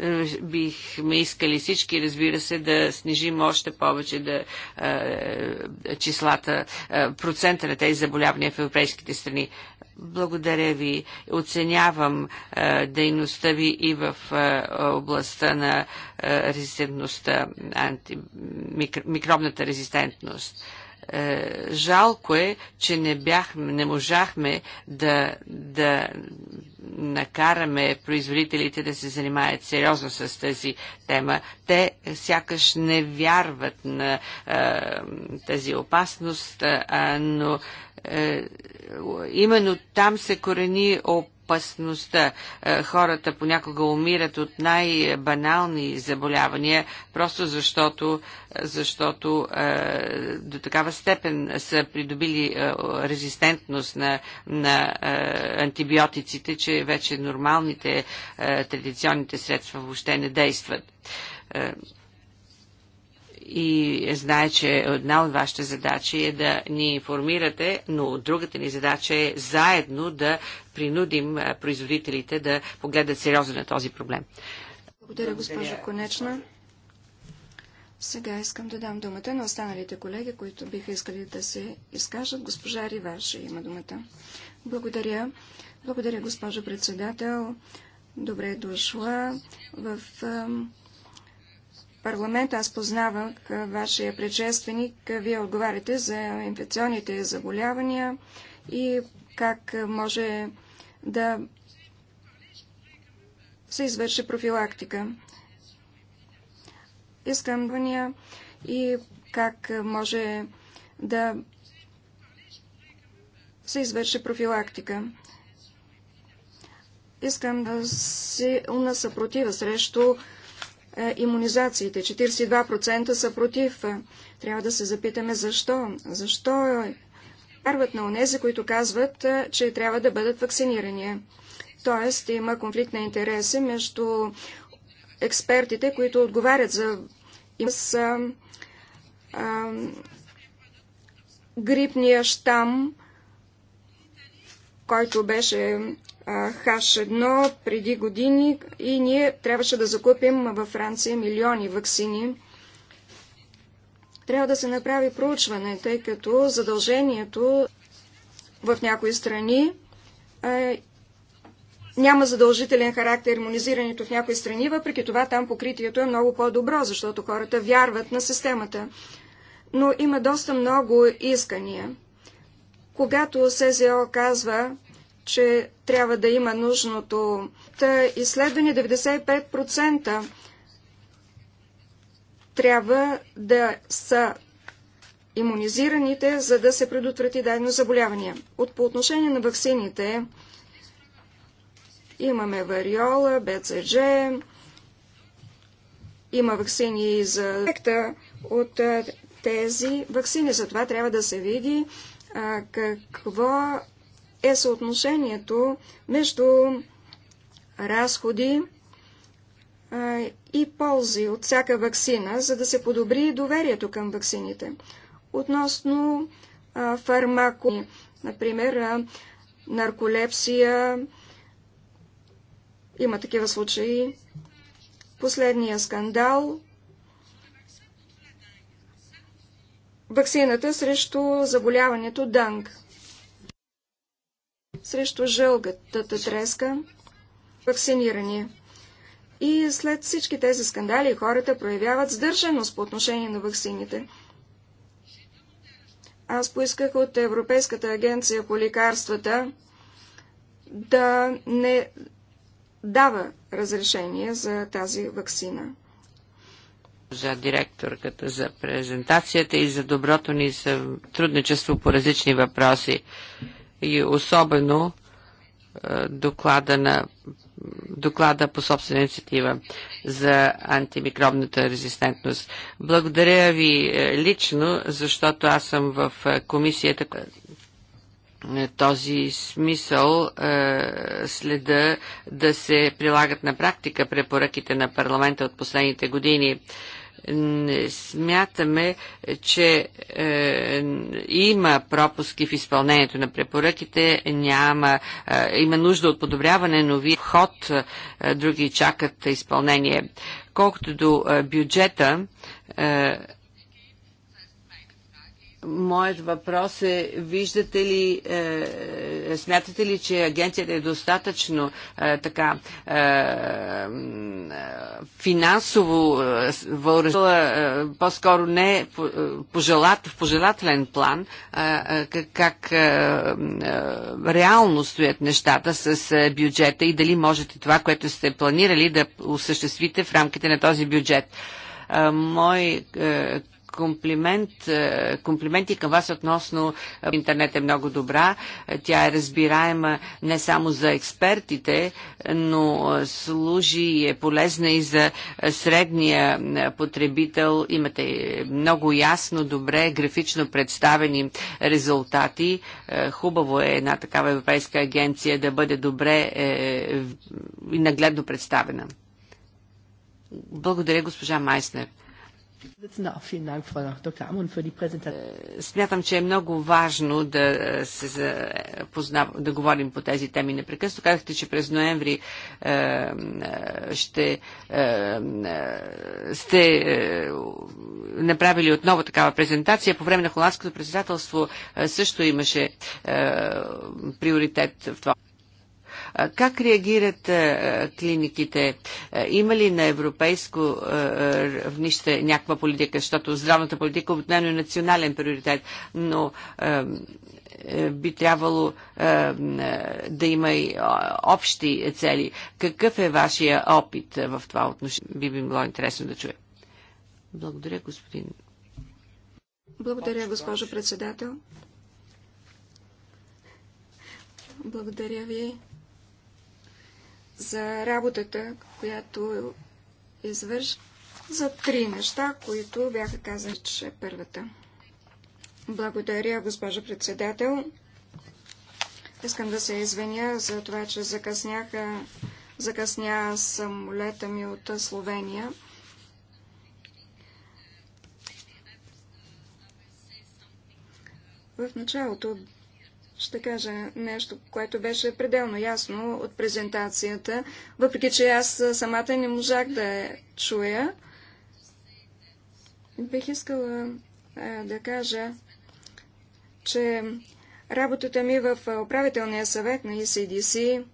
е, бихме искали всички, разбира се, да снижим още повече да, е, числата, е, процента на тези заболявания в европейските страни. Благодаря ви. Оценявам дейността ви и в областта на резистентността, анти, микро, микробната резистентност. Е, жалко е, че не, бях, не можахме да, да накараме производителите да се занимаят сериозно с тази тема. Те сякаш не вярват на е, тази опасност, е, а, но е, именно там се корени опасност опасността. Е, хората понякога умират от най-банални заболявания, просто защото, защото е, до такава степен са придобили е, резистентност на, на антибиотиците, че вече нормалните традиционните средства въобще не действат и знае, че една от вашите задачи е да ни информирате, но другата ни задача е заедно да принудим производителите да погледат сериозно на този проблем. Благодаря, госпожо Конечна. Сега искам да дам думата на останалите колеги, които биха искали да се изкажат. Госпожа Риваша има думата. Благодаря. Благодаря, госпожо председател. Добре е дошла в парламент аз познавах вашия предшественик. Вие отговаряте за инфекционните заболявания и как може да се извърши профилактика. Искам и как може да се извърши профилактика. Искам да силна съпротива срещу е, иммунизациите. 42% са против. Трябва да се запитаме защо. Защо вярват на онези, които казват, е, че трябва да бъдат вакцинирани. Тоест има конфликт на интереси между експертите, които отговарят за с а, е, грипния штам, който беше H1 преди години и ние трябваше да закупим във Франция милиони вакцини. Трябва да се направи проучване, тъй като задължението в някои страни е, няма задължителен характер иммунизирането в някои страни, въпреки това там покритието е много по-добро, защото хората вярват на системата. Но има доста много искания. Когато СЗО казва, че трябва да има нужното. Та изследване 95% трябва да са иммунизираните, за да се предотврати дайно заболяване. От по отношение на ваксините имаме вариола, БЦЖ, има вакцини за ефекта от тези вакцини. Затова трябва да се види какво е съотношението между разходи и ползи от всяка вакцина, за да се подобри доверието към ваксините Относно фармако, например, нарколепсия, има такива случаи. Последния скандал ваксината срещу заболяването Данг срещу жългата треска вакцинирани. И след всички тези скандали хората проявяват сдържаност по отношение на вакцините. Аз поисках от Европейската агенция по лекарствата да не дава разрешение за тази вакцина. За директорката за презентацията и за доброто ни сътрудничество по различни въпроси и особено е, доклада, на, доклада по собствена инициатива за антимикробната резистентност. Благодаря ви е, лично, защото аз съм в е, комисията този смисъл следа да се прилагат на практика препоръките на парламента от последните години не смятаме, че е, има пропуски в изпълнението на препоръките, няма, е, има нужда от подобряване, но ви ход е, други чакат изпълнение. Колкото до е, бюджета, е, Моят въпрос е, виждате ли, е, е, смятате ли, че агенцията е достатъчно е, така е, е финансово е, е, по-скоро не е, пожелат, в пожелателен план, е, е, как е, е, реално стоят нещата с е, бюджета и дали можете това, което сте планирали да осъществите в рамките на този бюджет? Е, мой комплимент, е, комплименти към вас относно е, интернет е много добра. Тя е разбираема не само за експертите, но е, служи и е полезна и за средния потребител. Имате много ясно, добре, графично представени резултати. Хубаво е една такава европейска агенция да бъде добре и нагледно представена. Благодаря, госпожа Майснер. Е, смятам, че е много важно да, се познав... да говорим по тези теми непрекъснато. Казахте, че през ноември е, е ще е, е, сте е, направили отново такава презентация. По време на холандското председателство също имаше приоритет в това. Как реагират клиниките? Има ли на европейско равнище някаква политика, защото здравната политика обикновено е национален приоритет, но би трябвало да има и общи цели. Какъв е вашия опит в това отношение? Би би било интересно да чуя. Благодаря, господин. Благодаря, госпожо председател. Благодаря ви за работата, която извърш за три неща, които бяха казани, че е първата. Благодаря, госпожо председател. Искам да се извиня за това, че закъсняха, закъсня самолета ми от Словения. В началото ще кажа нещо, което беше пределно ясно от презентацията, въпреки че аз самата не можах да я чуя. Бих искала да кажа, че работата ми в управителния съвет на ECDC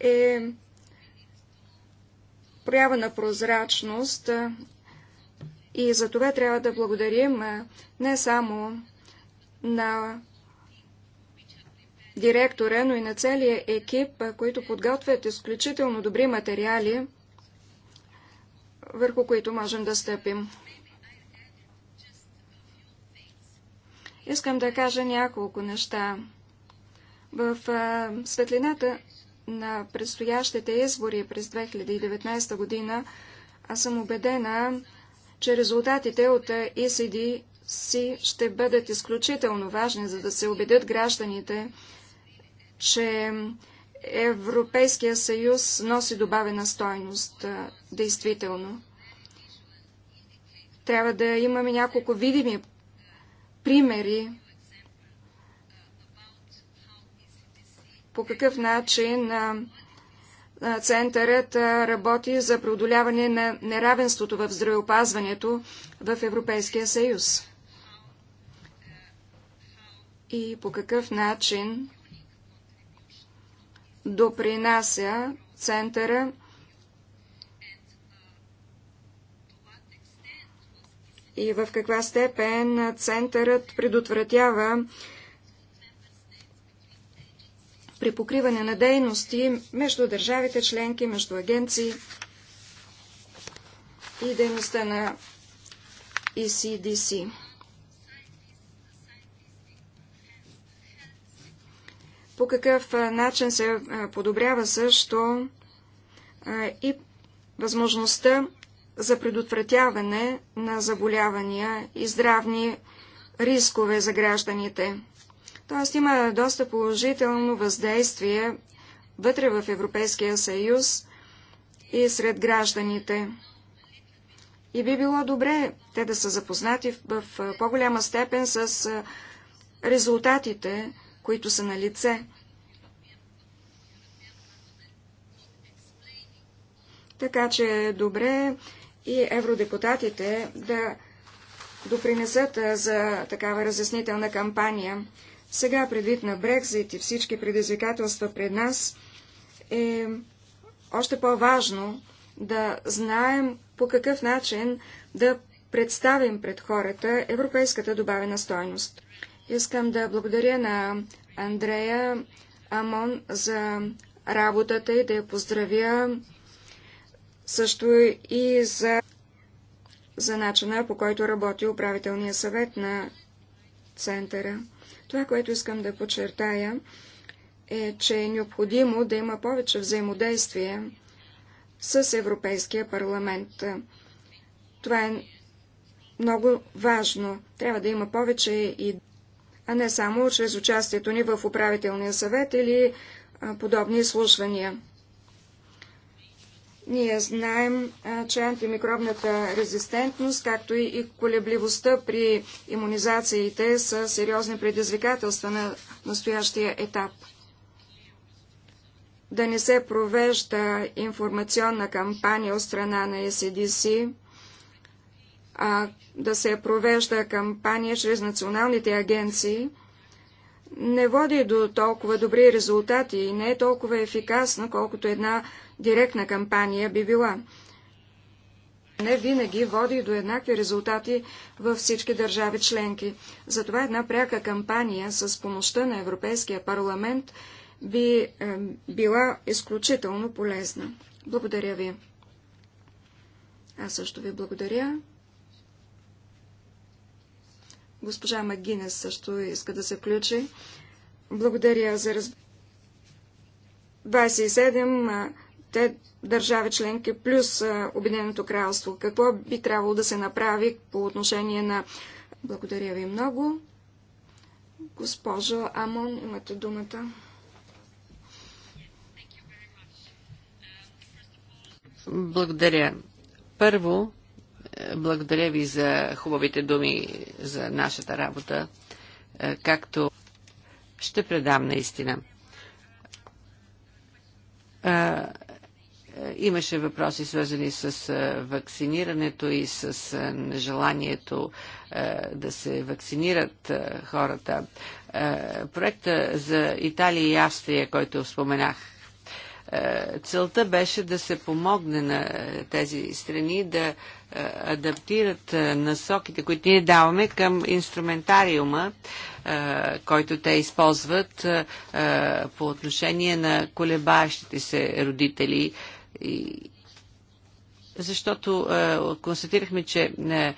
е проява на прозрачност и за това трябва да благодарим не само на директора, но и на целия екип, които подготвят изключително добри материали, върху които можем да стъпим. Искам да кажа няколко неща. В светлината на предстоящите избори през 2019 година, аз съм убедена, че резултатите от ECD си ще бъдат изключително важни, за да се убедят гражданите, че Европейския съюз носи добавена стойност, действително. Трябва да имаме няколко видими примери по какъв начин центърът работи за преодоляване на неравенството в здравеопазването в Европейския съюз и по какъв начин допринася центъра и в каква степен центърът предотвратява при покриване на дейности между държавите членки, между агенции и дейността на ECDC. по какъв начин се подобрява също и възможността за предотвратяване на заболявания и здравни рискове за гражданите. Тоест има доста положително въздействие вътре в Европейския съюз и сред гражданите. И би било добре те да са запознати в по-голяма степен с резултатите, които са на лице. Така че е добре и евродепутатите да допринесат за такава разяснителна кампания. Сега, предвид на Брекзит и всички предизвикателства пред нас, е още по-важно да знаем по какъв начин да представим пред хората европейската добавена стойност. Искам да благодаря на Андрея Амон за работата и да я поздравя също и за, за начина по който работи управителния съвет на центъра. Това, което искам да подчертая, е, че е необходимо да има повече взаимодействие с Европейския парламент. Това е много важно. Трябва да има повече и а не само чрез участието ни в управителния съвет или подобни изслушвания. Ние знаем, че антимикробната резистентност, както и колебливостта при иммунизациите са сериозни предизвикателства на настоящия етап. Да не се провежда информационна кампания от страна на СДС, а да се провежда кампания чрез националните агенции, не води до толкова добри резултати и не е толкова ефикасна, колкото една директна кампания би била. Не винаги води до еднакви резултати във всички държави членки. Затова една пряка кампания с помощта на Европейския парламент би е, била изключително полезна. Благодаря ви. Аз също ви благодаря. Госпожа Магинес също иска да се включи. Благодаря за раз... 27 те държави членки плюс Обединеното кралство. Какво би трябвало да се направи по отношение на... Благодаря ви много. Госпожо Амон, имате думата. Благодаря. Първо, е, благодаря ви за хубавите думи за нашата работа, е, както ще предам наистина. Е, е, имаше въпроси свързани с е, вакцинирането и с е, нежеланието да се вакцинират хората. Проекта за Италия и Австрия, който споменах, целта беше да се помогне на тези страни да адаптират насоките, които ние даваме към инструментариума, който те използват по отношение на колебаещите се родители и, защото е, констатирахме, че е,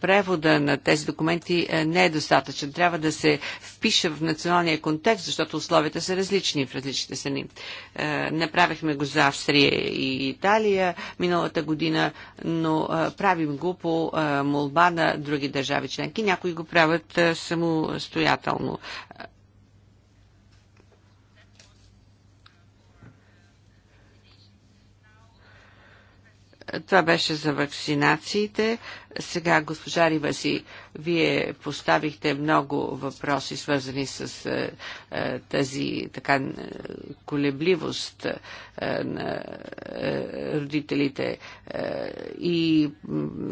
превода на тези документи е, не е достатъчен. Трябва да се впише в националния контекст, защото условията са различни в различните страни. направихме го за Австрия и Италия миналата година, но правим го по молба на други държави членки. Някои го правят самостоятелно. Това беше за вакцинациите. Сега, госпожа Риваси, вие поставихте много въпроси, свързани с е, е тази така е, колебливост е, на е, родителите. и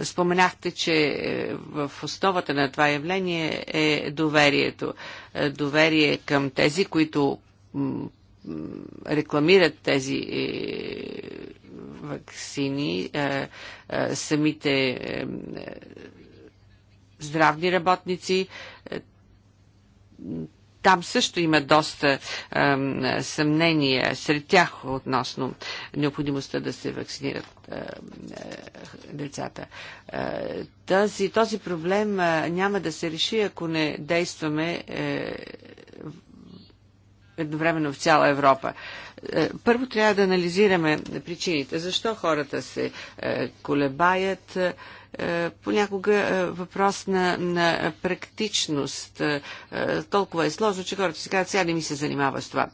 споменахте, че в основата на това явление е доверието. доверие към тези, които рекламират тези е, вакцини, е, е, самите здравни работници. Там също има доста съмнения сред тях относно необходимостта да се вакцинират децата. Този, този проблем няма да се реши, ако не действаме едновременно в цяла Европа. Е, първо трябва да анализираме причините. Защо хората се е, колебаят? Е, понякога въпрос на, на практичност. Толкова е сложно, че хората си казват, сега не ми се занимава с това.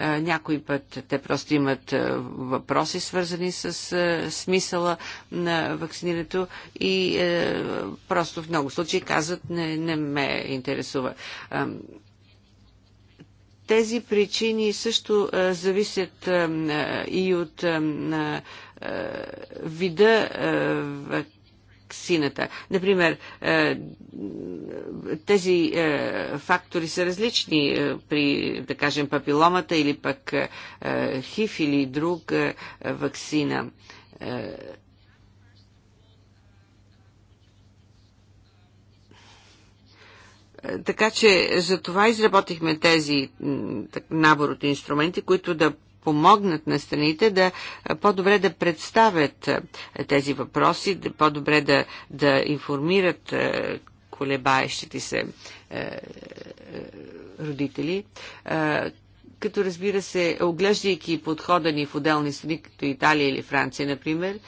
Някой път те просто имат въпроси, свързани с смисъла на вакцинирането и просто в много случаи казват, не, не ме интересува. Тези причини също е, зависят е, е, и от вида ваксината. Например, тези фактори са различни при, да кажем, папиломата или пък хив или друг ваксина Така че за това изработихме тези набор от инструменти, които да помогнат на страните да по-добре да представят тези въпроси, да по-добре да, да информират колебаещите се родители, като разбира се, оглеждайки подхода ни в отделни страни, като Италия или Франция, например,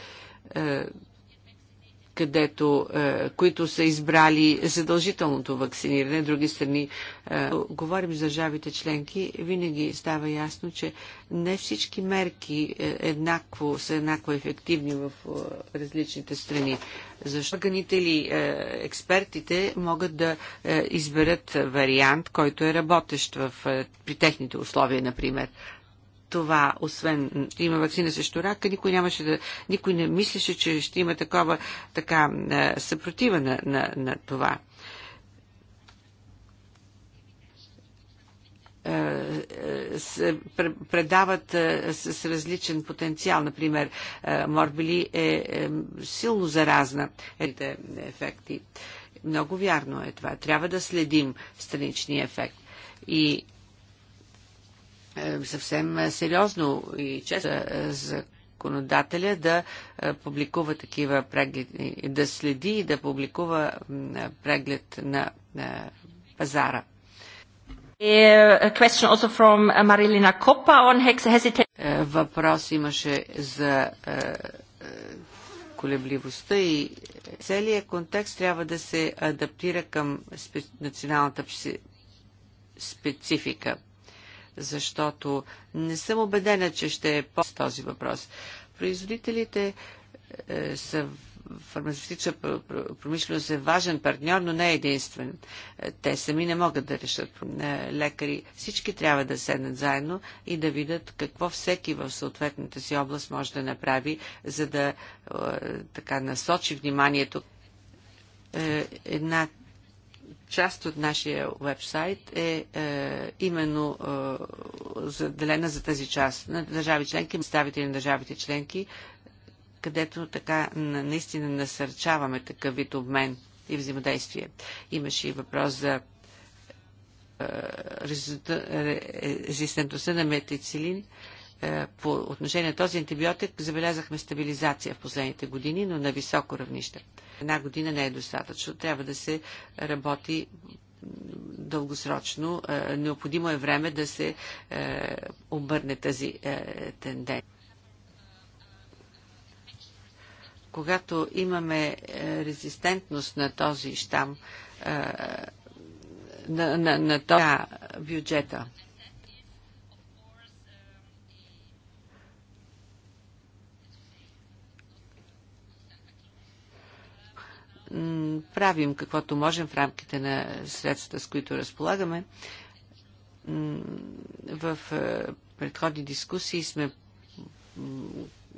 където, е, които са избрали задължителното вакциниране, други страни. Е, говорим за държавите членки, винаги става ясно, че не всички мерки е, еднакво, са еднакво ефективни в различните страни. Защо органите или експертите могат да изберат вариант, който е работещ в, при техните условия, например това, освен има вакцина срещу рака, никой нямаше да, никой не мислеше, че ще има такова така е, съпротива на, на, на това. се е, предават е, с различен потенциал. Например, морбили е силно заразна. Ето ефекти. Много вярно е това. Трябва да следим страничния ефект. И е, съвсем е, сериозно и често е, законодателя да публикува такива прегледи, да следи и да публикува преглед на пазара. Въпрос имаше за колебливостта и целият контекст трябва да се адаптира към националната специфика защото не съм убедена, че ще е по този въпрос. Производителите е, са фармацевтична промишленост е важен партньор, но не е единствен. Е, те сами не могат да решат. Е, лекари всички трябва да седнат заедно и да видят какво всеки в съответната си област може да направи, за да е, така насочи вниманието. Една част от нашия вебсайт е, е именно е, заделена за тази част на държави членки, представители на държавите членки, където така наистина насърчаваме такъв вид обмен и взаимодействие. Имаше и въпрос за е, е, резистентността на метицилин. Е, е, по отношение на този антибиотик забелязахме стабилизация в последните години, но на високо равнище. Една година не е достатъчно. Трябва да се работи дългосрочно. Е, необходимо е време да се е, обърне тази тенденция. Когато имаме резистентност на този щам, на, на, на, на бюджета, правим каквото можем в рамките на средствата, с които разполагаме. В е, предходни дискусии сме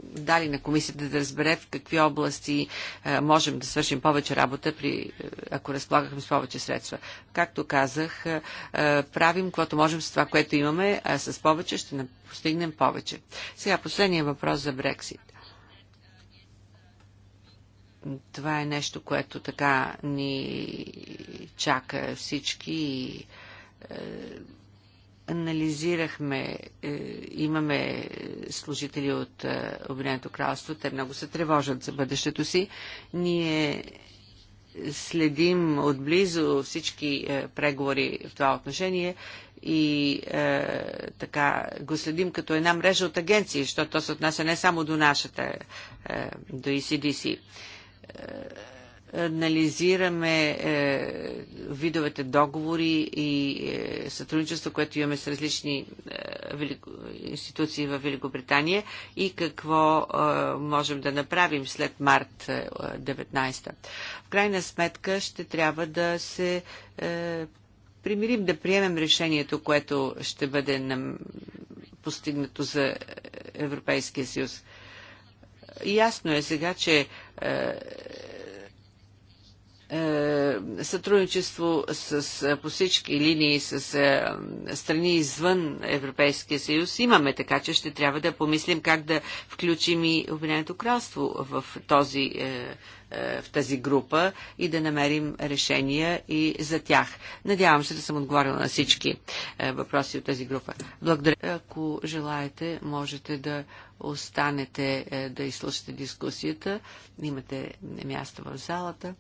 дали на комисията да разбере в какви области е, можем да свършим повече работа, при, е, ако разполагахме с повече средства. Както казах, правим каквото можем с това, което имаме, а с повече ще постигнем повече. Сега последния въпрос за Брексит това е нещо, което така ни чака всички и е, анализирахме, е, имаме служители от е, Обединеното кралство, те много се тревожат за бъдещето си. Ние следим отблизо всички преговори в това отношение и е, така го следим като една мрежа от агенции, защото то се отнася не само до нашата, е, до ECDC анализираме е, видовете договори и е, сътрудничество, което имаме с различни е, велико, институции в Великобритания и какво е, можем да направим след март е, 19. В крайна сметка ще трябва да се е, примирим, да приемем решението, което ще бъде постигнато за Европейския съюз. Е, Ясно е сега, че е, е, сътрудничество с, е, по всички линии с е, страни извън Европейския съюз имаме, така че ще трябва да помислим как да включим и Обединеното кралство в, този, в тази група и да намерим решения и за тях. Надявам се да съм отговорила на всички въпроси от тази група. Благодаря. Ако желаете, можете да останете да изслушате дискусията. Имате място в залата.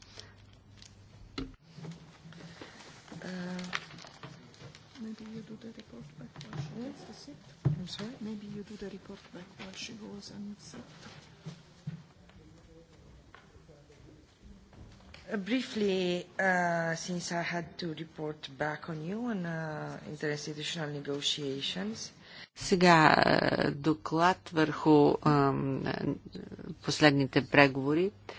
Maybe you do the report back while she gets the seat. I'm sorry? Maybe you do the report back while she goes and sits. Briefly, uh, since I had to report back on you on uh, interinstitutional negotiations, сега доклад върху последните преговори. Uh,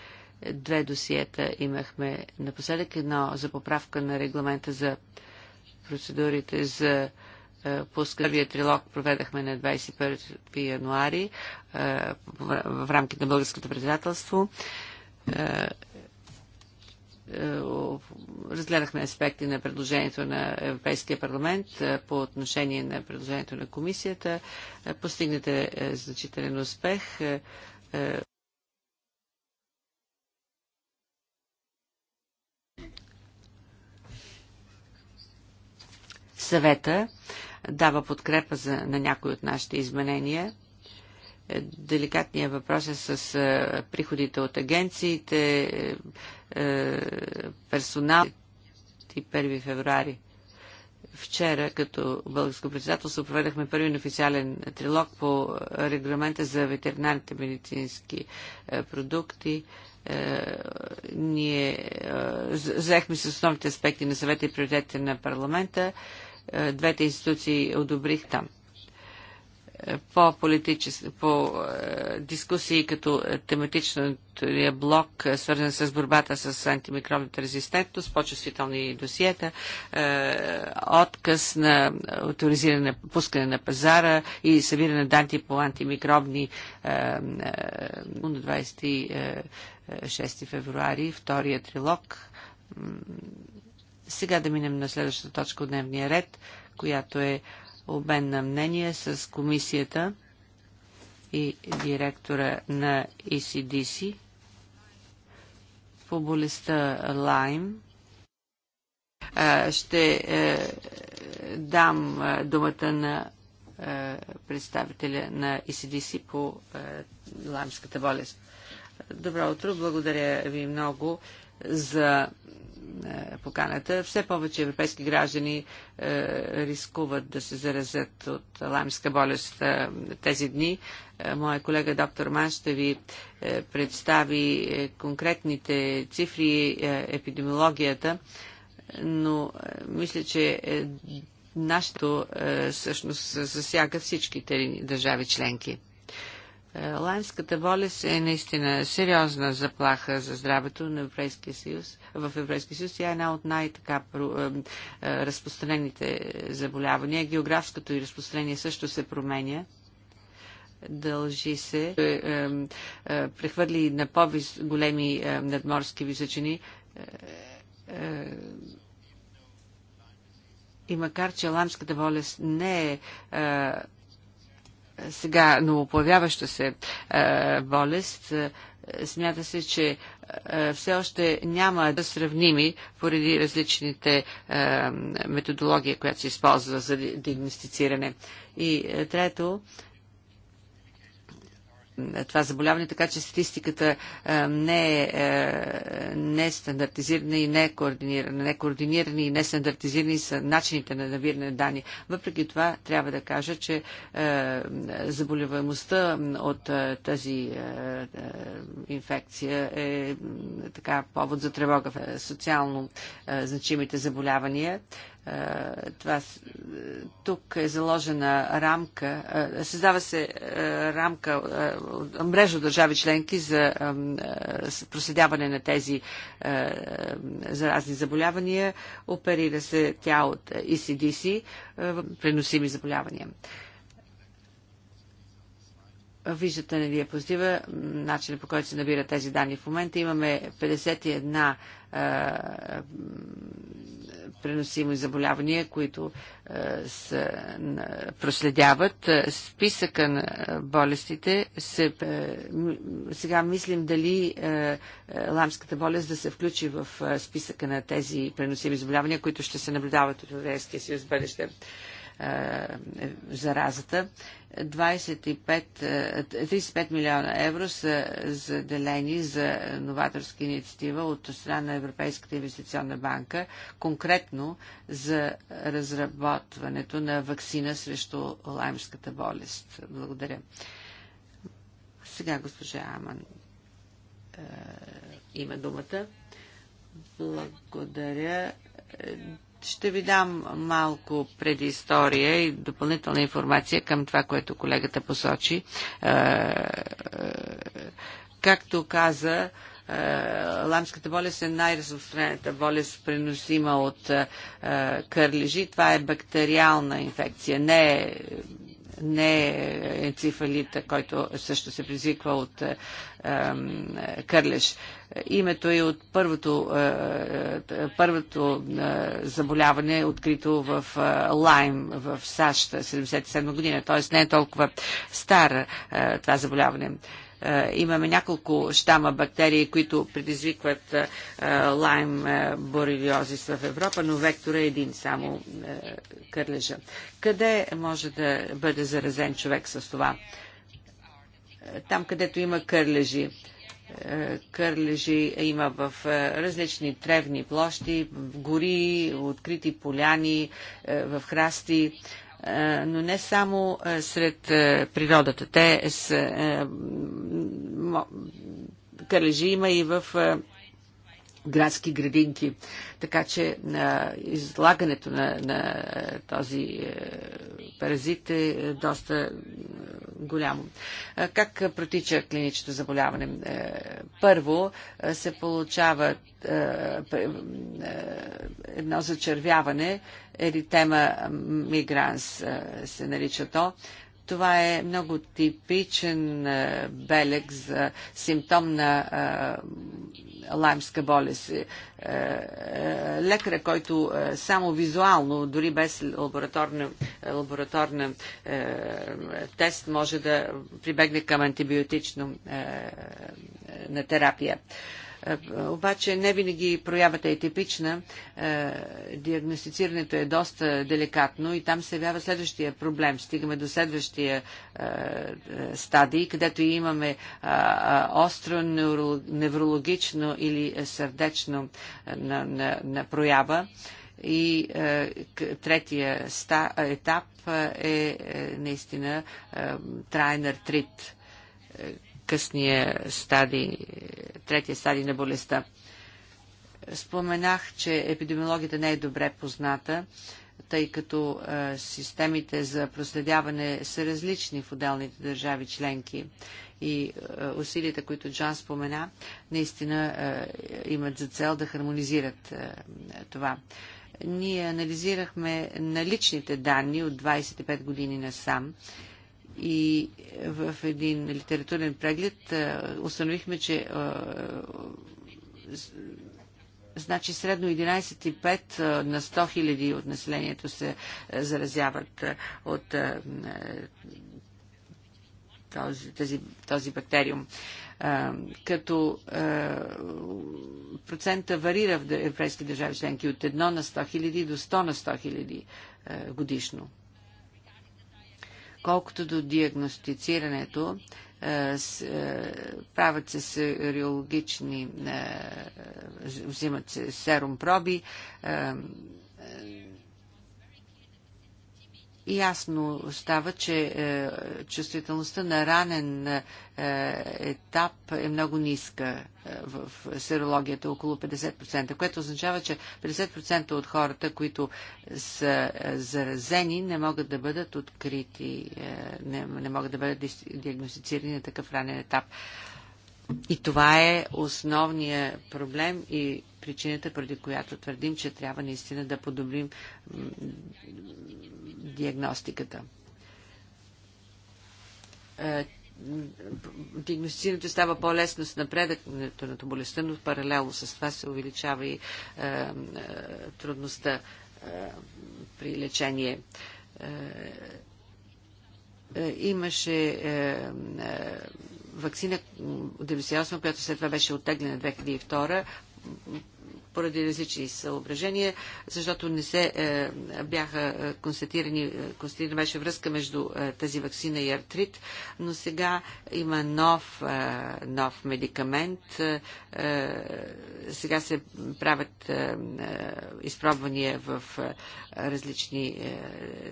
Две досиета имахме напоследък. Едно за поправка на регламента за процедурите за е, Пускавия трилог проведахме на 21 януари е, в рамките на българското председателство. Е, разгледахме аспекти на предложението на Европейския парламент по отношение на предложението на комисията. Постигнете значителен успех Съвета дава подкрепа за, на някои от нашите изменения. Е, деликатният въпрос е с а, е, приходите от агенциите, а, е, персонал. 1 февруари Вчера, като българско председателство, проведахме първи официален трилог по регламента за ветеринарните медицински продукти ние взехме с основните аспекти на съвета и приоритетите на парламента. Е, двете институции одобрих там. Е, по, политичес... по е, дискусии като тематичния блок, свързан с борбата с антимикробната резистентност, по-чувствителни досиета, отказ на авторизиране, пускане на пазара и събиране на данти по антимикробни на 26 февруари, втория трилог сега да минем на следващата точка от дневния ред, която е обмен на мнение с комисията и директора на ECDC по болестта Лайм. Ще е, дам е, думата на е, представителя на ECDC по лаймската болест. Добро утро, благодаря ви много за е, поканата. Все повече европейски граждани е, рискуват да се заразят от лаймска болест е, тези дни. Моя колега доктор Ман ще ви представи конкретните цифри, епидемиологията, но мисля, че нашето всъщност засяга всичките държави членки. Е, Лаймската болест е наистина сериозна заплаха за здравето на Европейския съюз. В Европейския съюз тя е една от най-така е, е, разпространените заболявания. Географското и разпространение също се променя дължи се, прехвърли на по-големи надморски височини. И макар, че ламската болест не е сега новоплавяваща се а, болест, а, смята се, че а, все още няма да сравними поради различните методологии, която се използва за диагностициране. И трето, това заболяване, така че статистиката е, не е, е нестандартизирана и не е координирана. Некоординирани и нестандартизирани са начините на набиране на данни. Въпреки това, трябва да кажа, че е, заболеваемостта от тази инфекция е така повод за тревога в социално значимите заболявания това, е, тук е заложена рамка, създава се е, рамка, е, мрежа от държави членки за проследяване на тези заразни заболявания. Оперира се тя от ECDC, преносими заболявания. Виждате на нали, диапозитива начинът по който се набира тези данни в момента. Имаме 51 преносими заболявания, които е, се проследяват. Е, списъка на е, болестите се, е, сега мислим дали е, е, ламската болест да се включи в списъка на тези преносими заболявания, които ще се наблюдават от Европейския съюз в бъдеще. Е, е, заразата. 25, 35 милиона евро са заделени за новаторска инициатива от страна на Европейската инвестиционна банка, конкретно за разработването на вакцина срещу лаймската болест. Благодаря. Сега госпожа Аман е, има думата. Благодаря ще ви дам малко предистория и допълнителна информация към това, което колегата посочи. Е, е, както каза, е, ламската болест е най-разпространената болест, преносима от кърлежи. Това е бактериална инфекция, не е не енцефалита, който също се призвиква от е, кърлеж името е от първото, е, е, е, първото заболяване, открито в Лайм в САЩ 77 година, т.е. не е толкова стара това заболяване имаме няколко щама бактерии, които предизвикват лайм борелиозис в Европа, но вектора е един само кърлежа. Къде може да бъде заразен човек с това? Там, където има кърлежи. Е, кърлежи има в е, различни тревни площи, в гори, открити поляни, е, в храсти, но не само сред природата. Те с кърлежи има и в градски градинки. Така че на излагането на, на този е, паразит е, е доста голямо. Как протича клиничното заболяване? Е, първо се получава едно зачервяване, еритема мигранс се нарича то, това е много типичен е, белег за симптом на е, лаймска болест. Е, лекаря, който само визуално, дори без лабораторна, лабораторна тест, може да прибегне към антибиотично на терапия. Е, обаче не винаги проявата е типична. Е, диагностицирането е доста деликатно и там се явява следващия проблем. Стигаме до следващия е, стадий, където имаме остро неврологично или сърдечно на, на, на проява. И е, третия ста, етап е, е наистина е, траен артрит, е, късния стадий, третия стадий на болестта. Споменах, че епидемиологията не е добре позната, тъй като е, системите за проследяване са различни в отделните държави членки и е, усилията, които Джон спомена, наистина е, имат за цел да хармонизират това. Ние анализирахме наличните данни от 25 години насам сам и в един литературен преглед установихме, че значи средно 11,5 на 100 хиляди от населението се заразяват от този, този, този бактериум. като процента варира в европейски държави членки от 1 на 100 хиляди до 100 на 100 хиляди годишно. Колкото до диагностицирането, е, е, правят се сериологични, е, взимат се серум проби, Ясно става, че е, чувствителността на ранен е, етап е много ниска е, в серологията, около 50%, което означава, че 50% от хората, които са е, заразени, не могат да бъдат открити, е, не, не могат да бъдат диагностицирани на такъв ранен етап. И това е основният проблем и причината, преди която твърдим, че трябва наистина да подобрим диагностиката е, диагностицирането става по-лесно с напредъкването на болестта, но паралелно с това се увеличава и е, е, трудността е, при лечение. Е, е, имаше е, е, вакцина 98, която след това беше оттеглена 2002 поради различни съображения, защото не се е, бяха е, констатирани, е, констатирана беше връзка между е, тази вакцина и артрит, но сега има нов, е, нов медикамент. Е, е, сега се правят е, е, изпробвания в е, различни е,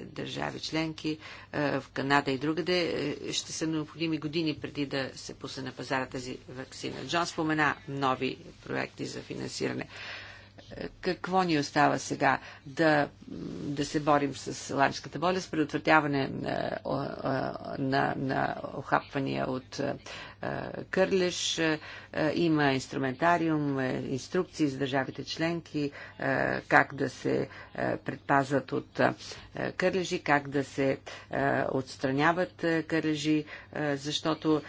държави членки, е, в Канада и другаде. Е, ще са необходими години преди да се пусне на пазара тази вакцина. Джон спомена нови проекти за финансиране гласуване какво ни остава сега? Да, да се борим с ланчката болест, предотвратяване на, е, е, на, на охапвания от е, кърлеш, Има инструментариум, инструкции за държавите членки, как да се предпазват от кърлежи, как да се отстраняват кърлежи, защото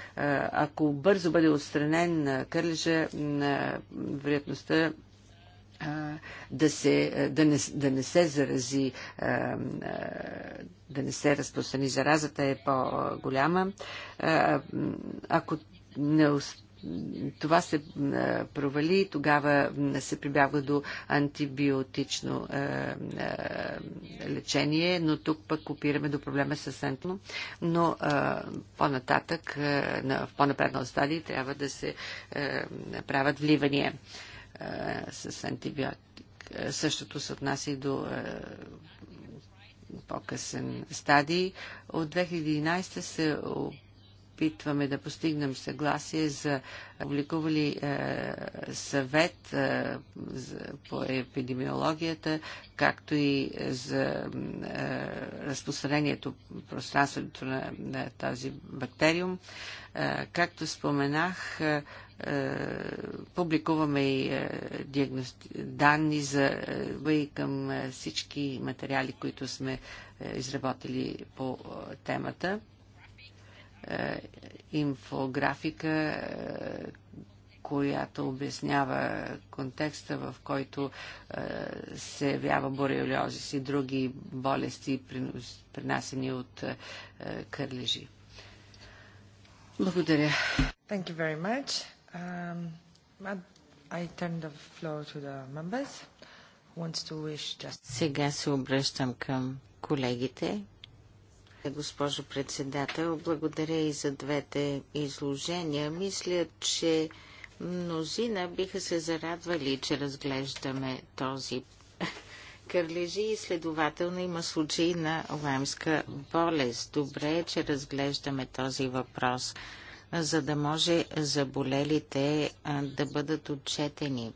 ако бързо бъде отстранен кърлежа, вероятността да, се, да, не, да не се зарази, да не се разпространи заразата е по-голяма. Ако не това се провали, тогава се прибягва до антибиотично е, е, лечение, но тук пък опираме до проблема с антно. Но е, по-нататък, е, в по-напреднал стадии, трябва да се правят вливания с антибиотик. Същото се отнася и до по-късен стадий. От 2011 се опитваме да постигнем съгласие за публикували а, съвет а, за, по епидемиологията, както и за а, разпространението пространството на, на този бактериум. А, както споменах, а, е, публикуваме и е, диагности... данни за е, и към всички материали, които сме изработили по темата. Инфографика, която обяснява контекста, в който се явява бореолиозис и други болести, принасени от кърлежи. Благодаря. Thank you very much. Um, Сега се обръщам към колегите. Госпожо председател, благодаря и за двете изложения. Мисля, че мнозина биха се зарадвали, че разглеждаме този кърлежи и следователно има случаи на лаймска болест. Добре е, че разглеждаме този въпрос за да може заболелите да бъдат отчетени.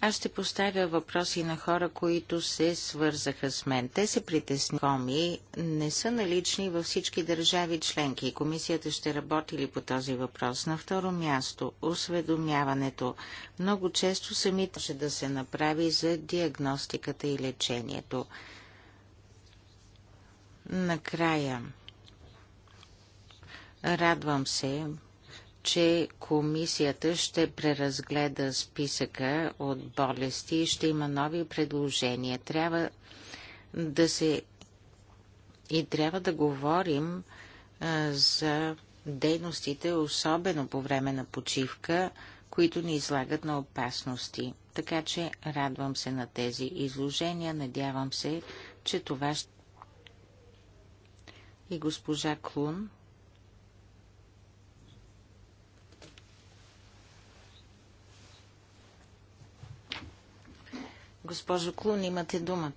Аз ще поставя въпроси на хора, които се свързаха с мен. Те се притесни. Не са налични във всички държави членки. Комисията ще работи ли по този въпрос? На второ място, осведомяването. Много често самите ще да се направи за диагностиката и лечението. Накрая, Радвам се, че комисията ще преразгледа списъка от болести и ще има нови предложения. Трябва да се и трябва да говорим а, за дейностите, особено по време на почивка, които ни излагат на опасности. Така че радвам се на тези изложения, надявам се, че това ще... И госпожа Клун. Госпожо Клун, имате думата.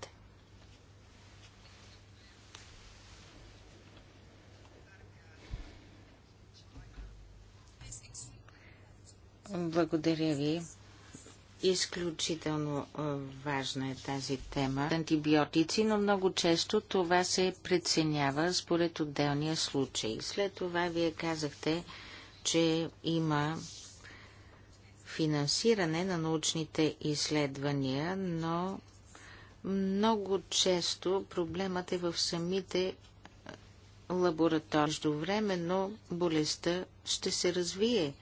Благодаря ви. Изключително важна е тази тема. Антибиотици, но много често това се преценява според отделния случай. След това вие казахте, че има финансиране на научните изследвания, но много често проблемът е в самите лаборатории. Междувременно болестта ще се развие.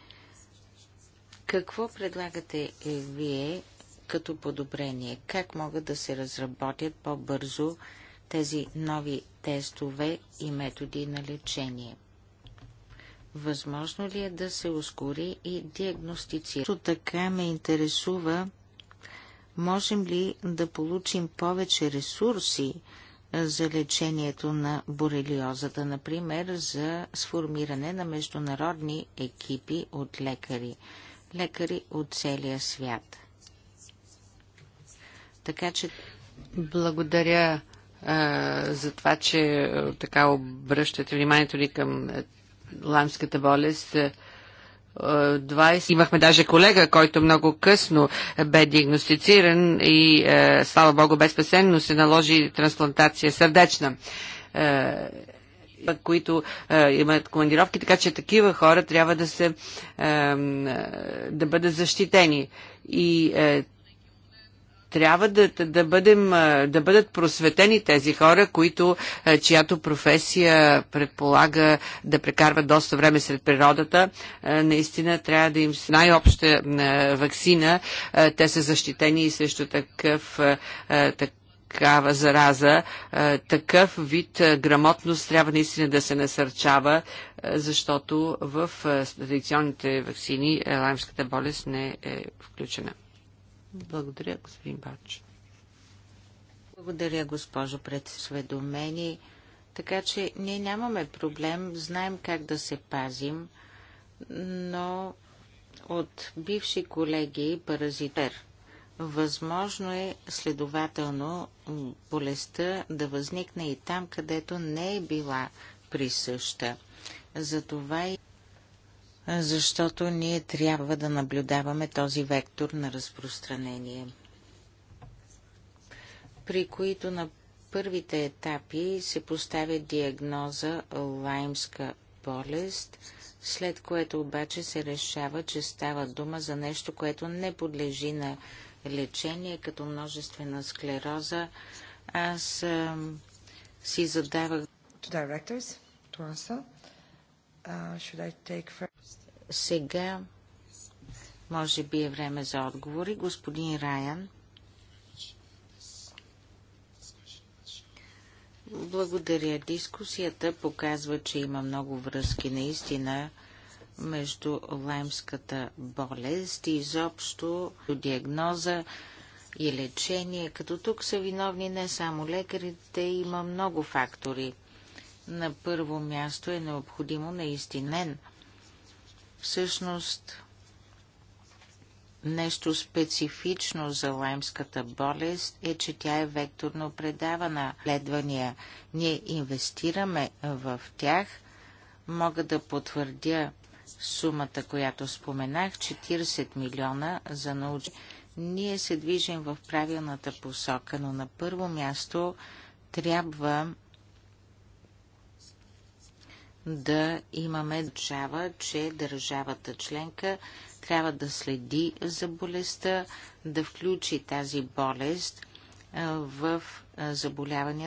Какво предлагате е вие като подобрение? Как могат да се разработят по-бързо тези нови тестове и методи на лечение? Възможно ли е да се ускори и диагностицира? Така ме интересува, можем ли да получим повече ресурси за лечението на борелиозата, например за сформиране на международни екипи от лекари, лекари от целия свят. Така че. Благодаря за това, че така обръщате вниманието ни към ламската болест. 20. Е, Имахме даже колега, който много късно бе диагностициран и, е, слава Богу, бе спасен, но се наложи трансплантация сърдечна. Е, които е, имат командировки, така че такива хора трябва да се е, да бъдат защитени. И е, трябва да, да, бъдем, да бъдат просветени тези хора, които, чиято професия предполага да прекарват доста време сред природата. Наистина трябва да им с най-обща вакцина те са защитени и срещу такъв, такъв такава зараза, такъв вид грамотност трябва наистина да се насърчава, защото в традиционните вакцини лаймската болест не е включена. Благодаря, господин Бач. Благодаря, госпожо предсведомени. Така че ние нямаме проблем, знаем как да се пазим, но от бивши колеги паразитер. Възможно е, следователно, болестта да възникне и там, където не е била присъща. Затова и защото ние трябва да наблюдаваме този вектор на разпространение, при които на първите етапи се поставя диагноза лаймска болест, след което обаче се решава, че става дума за нещо, което не подлежи на лечение, като множествена склероза. Аз а, си задавах... To directors, to answer. Uh, should I take... Сега може би е време за отговори. Господин Раян. Благодаря. Дискусията показва, че има много връзки наистина между лаймската болест и изобщо диагноза и лечение, като тук са виновни не само лекарите, има много фактори. На първо място е необходимо наистинен всъщност нещо специфично за лаймската болест е, че тя е векторно предавана. Следвания ние инвестираме в тях. Мога да потвърдя сумата, която споменах 40 милиона за научи. Ние се движим в правилната посока, но на първо място трябва да имаме държава, че държавата членка трябва да следи за болестта, да включи тази болест в заболявания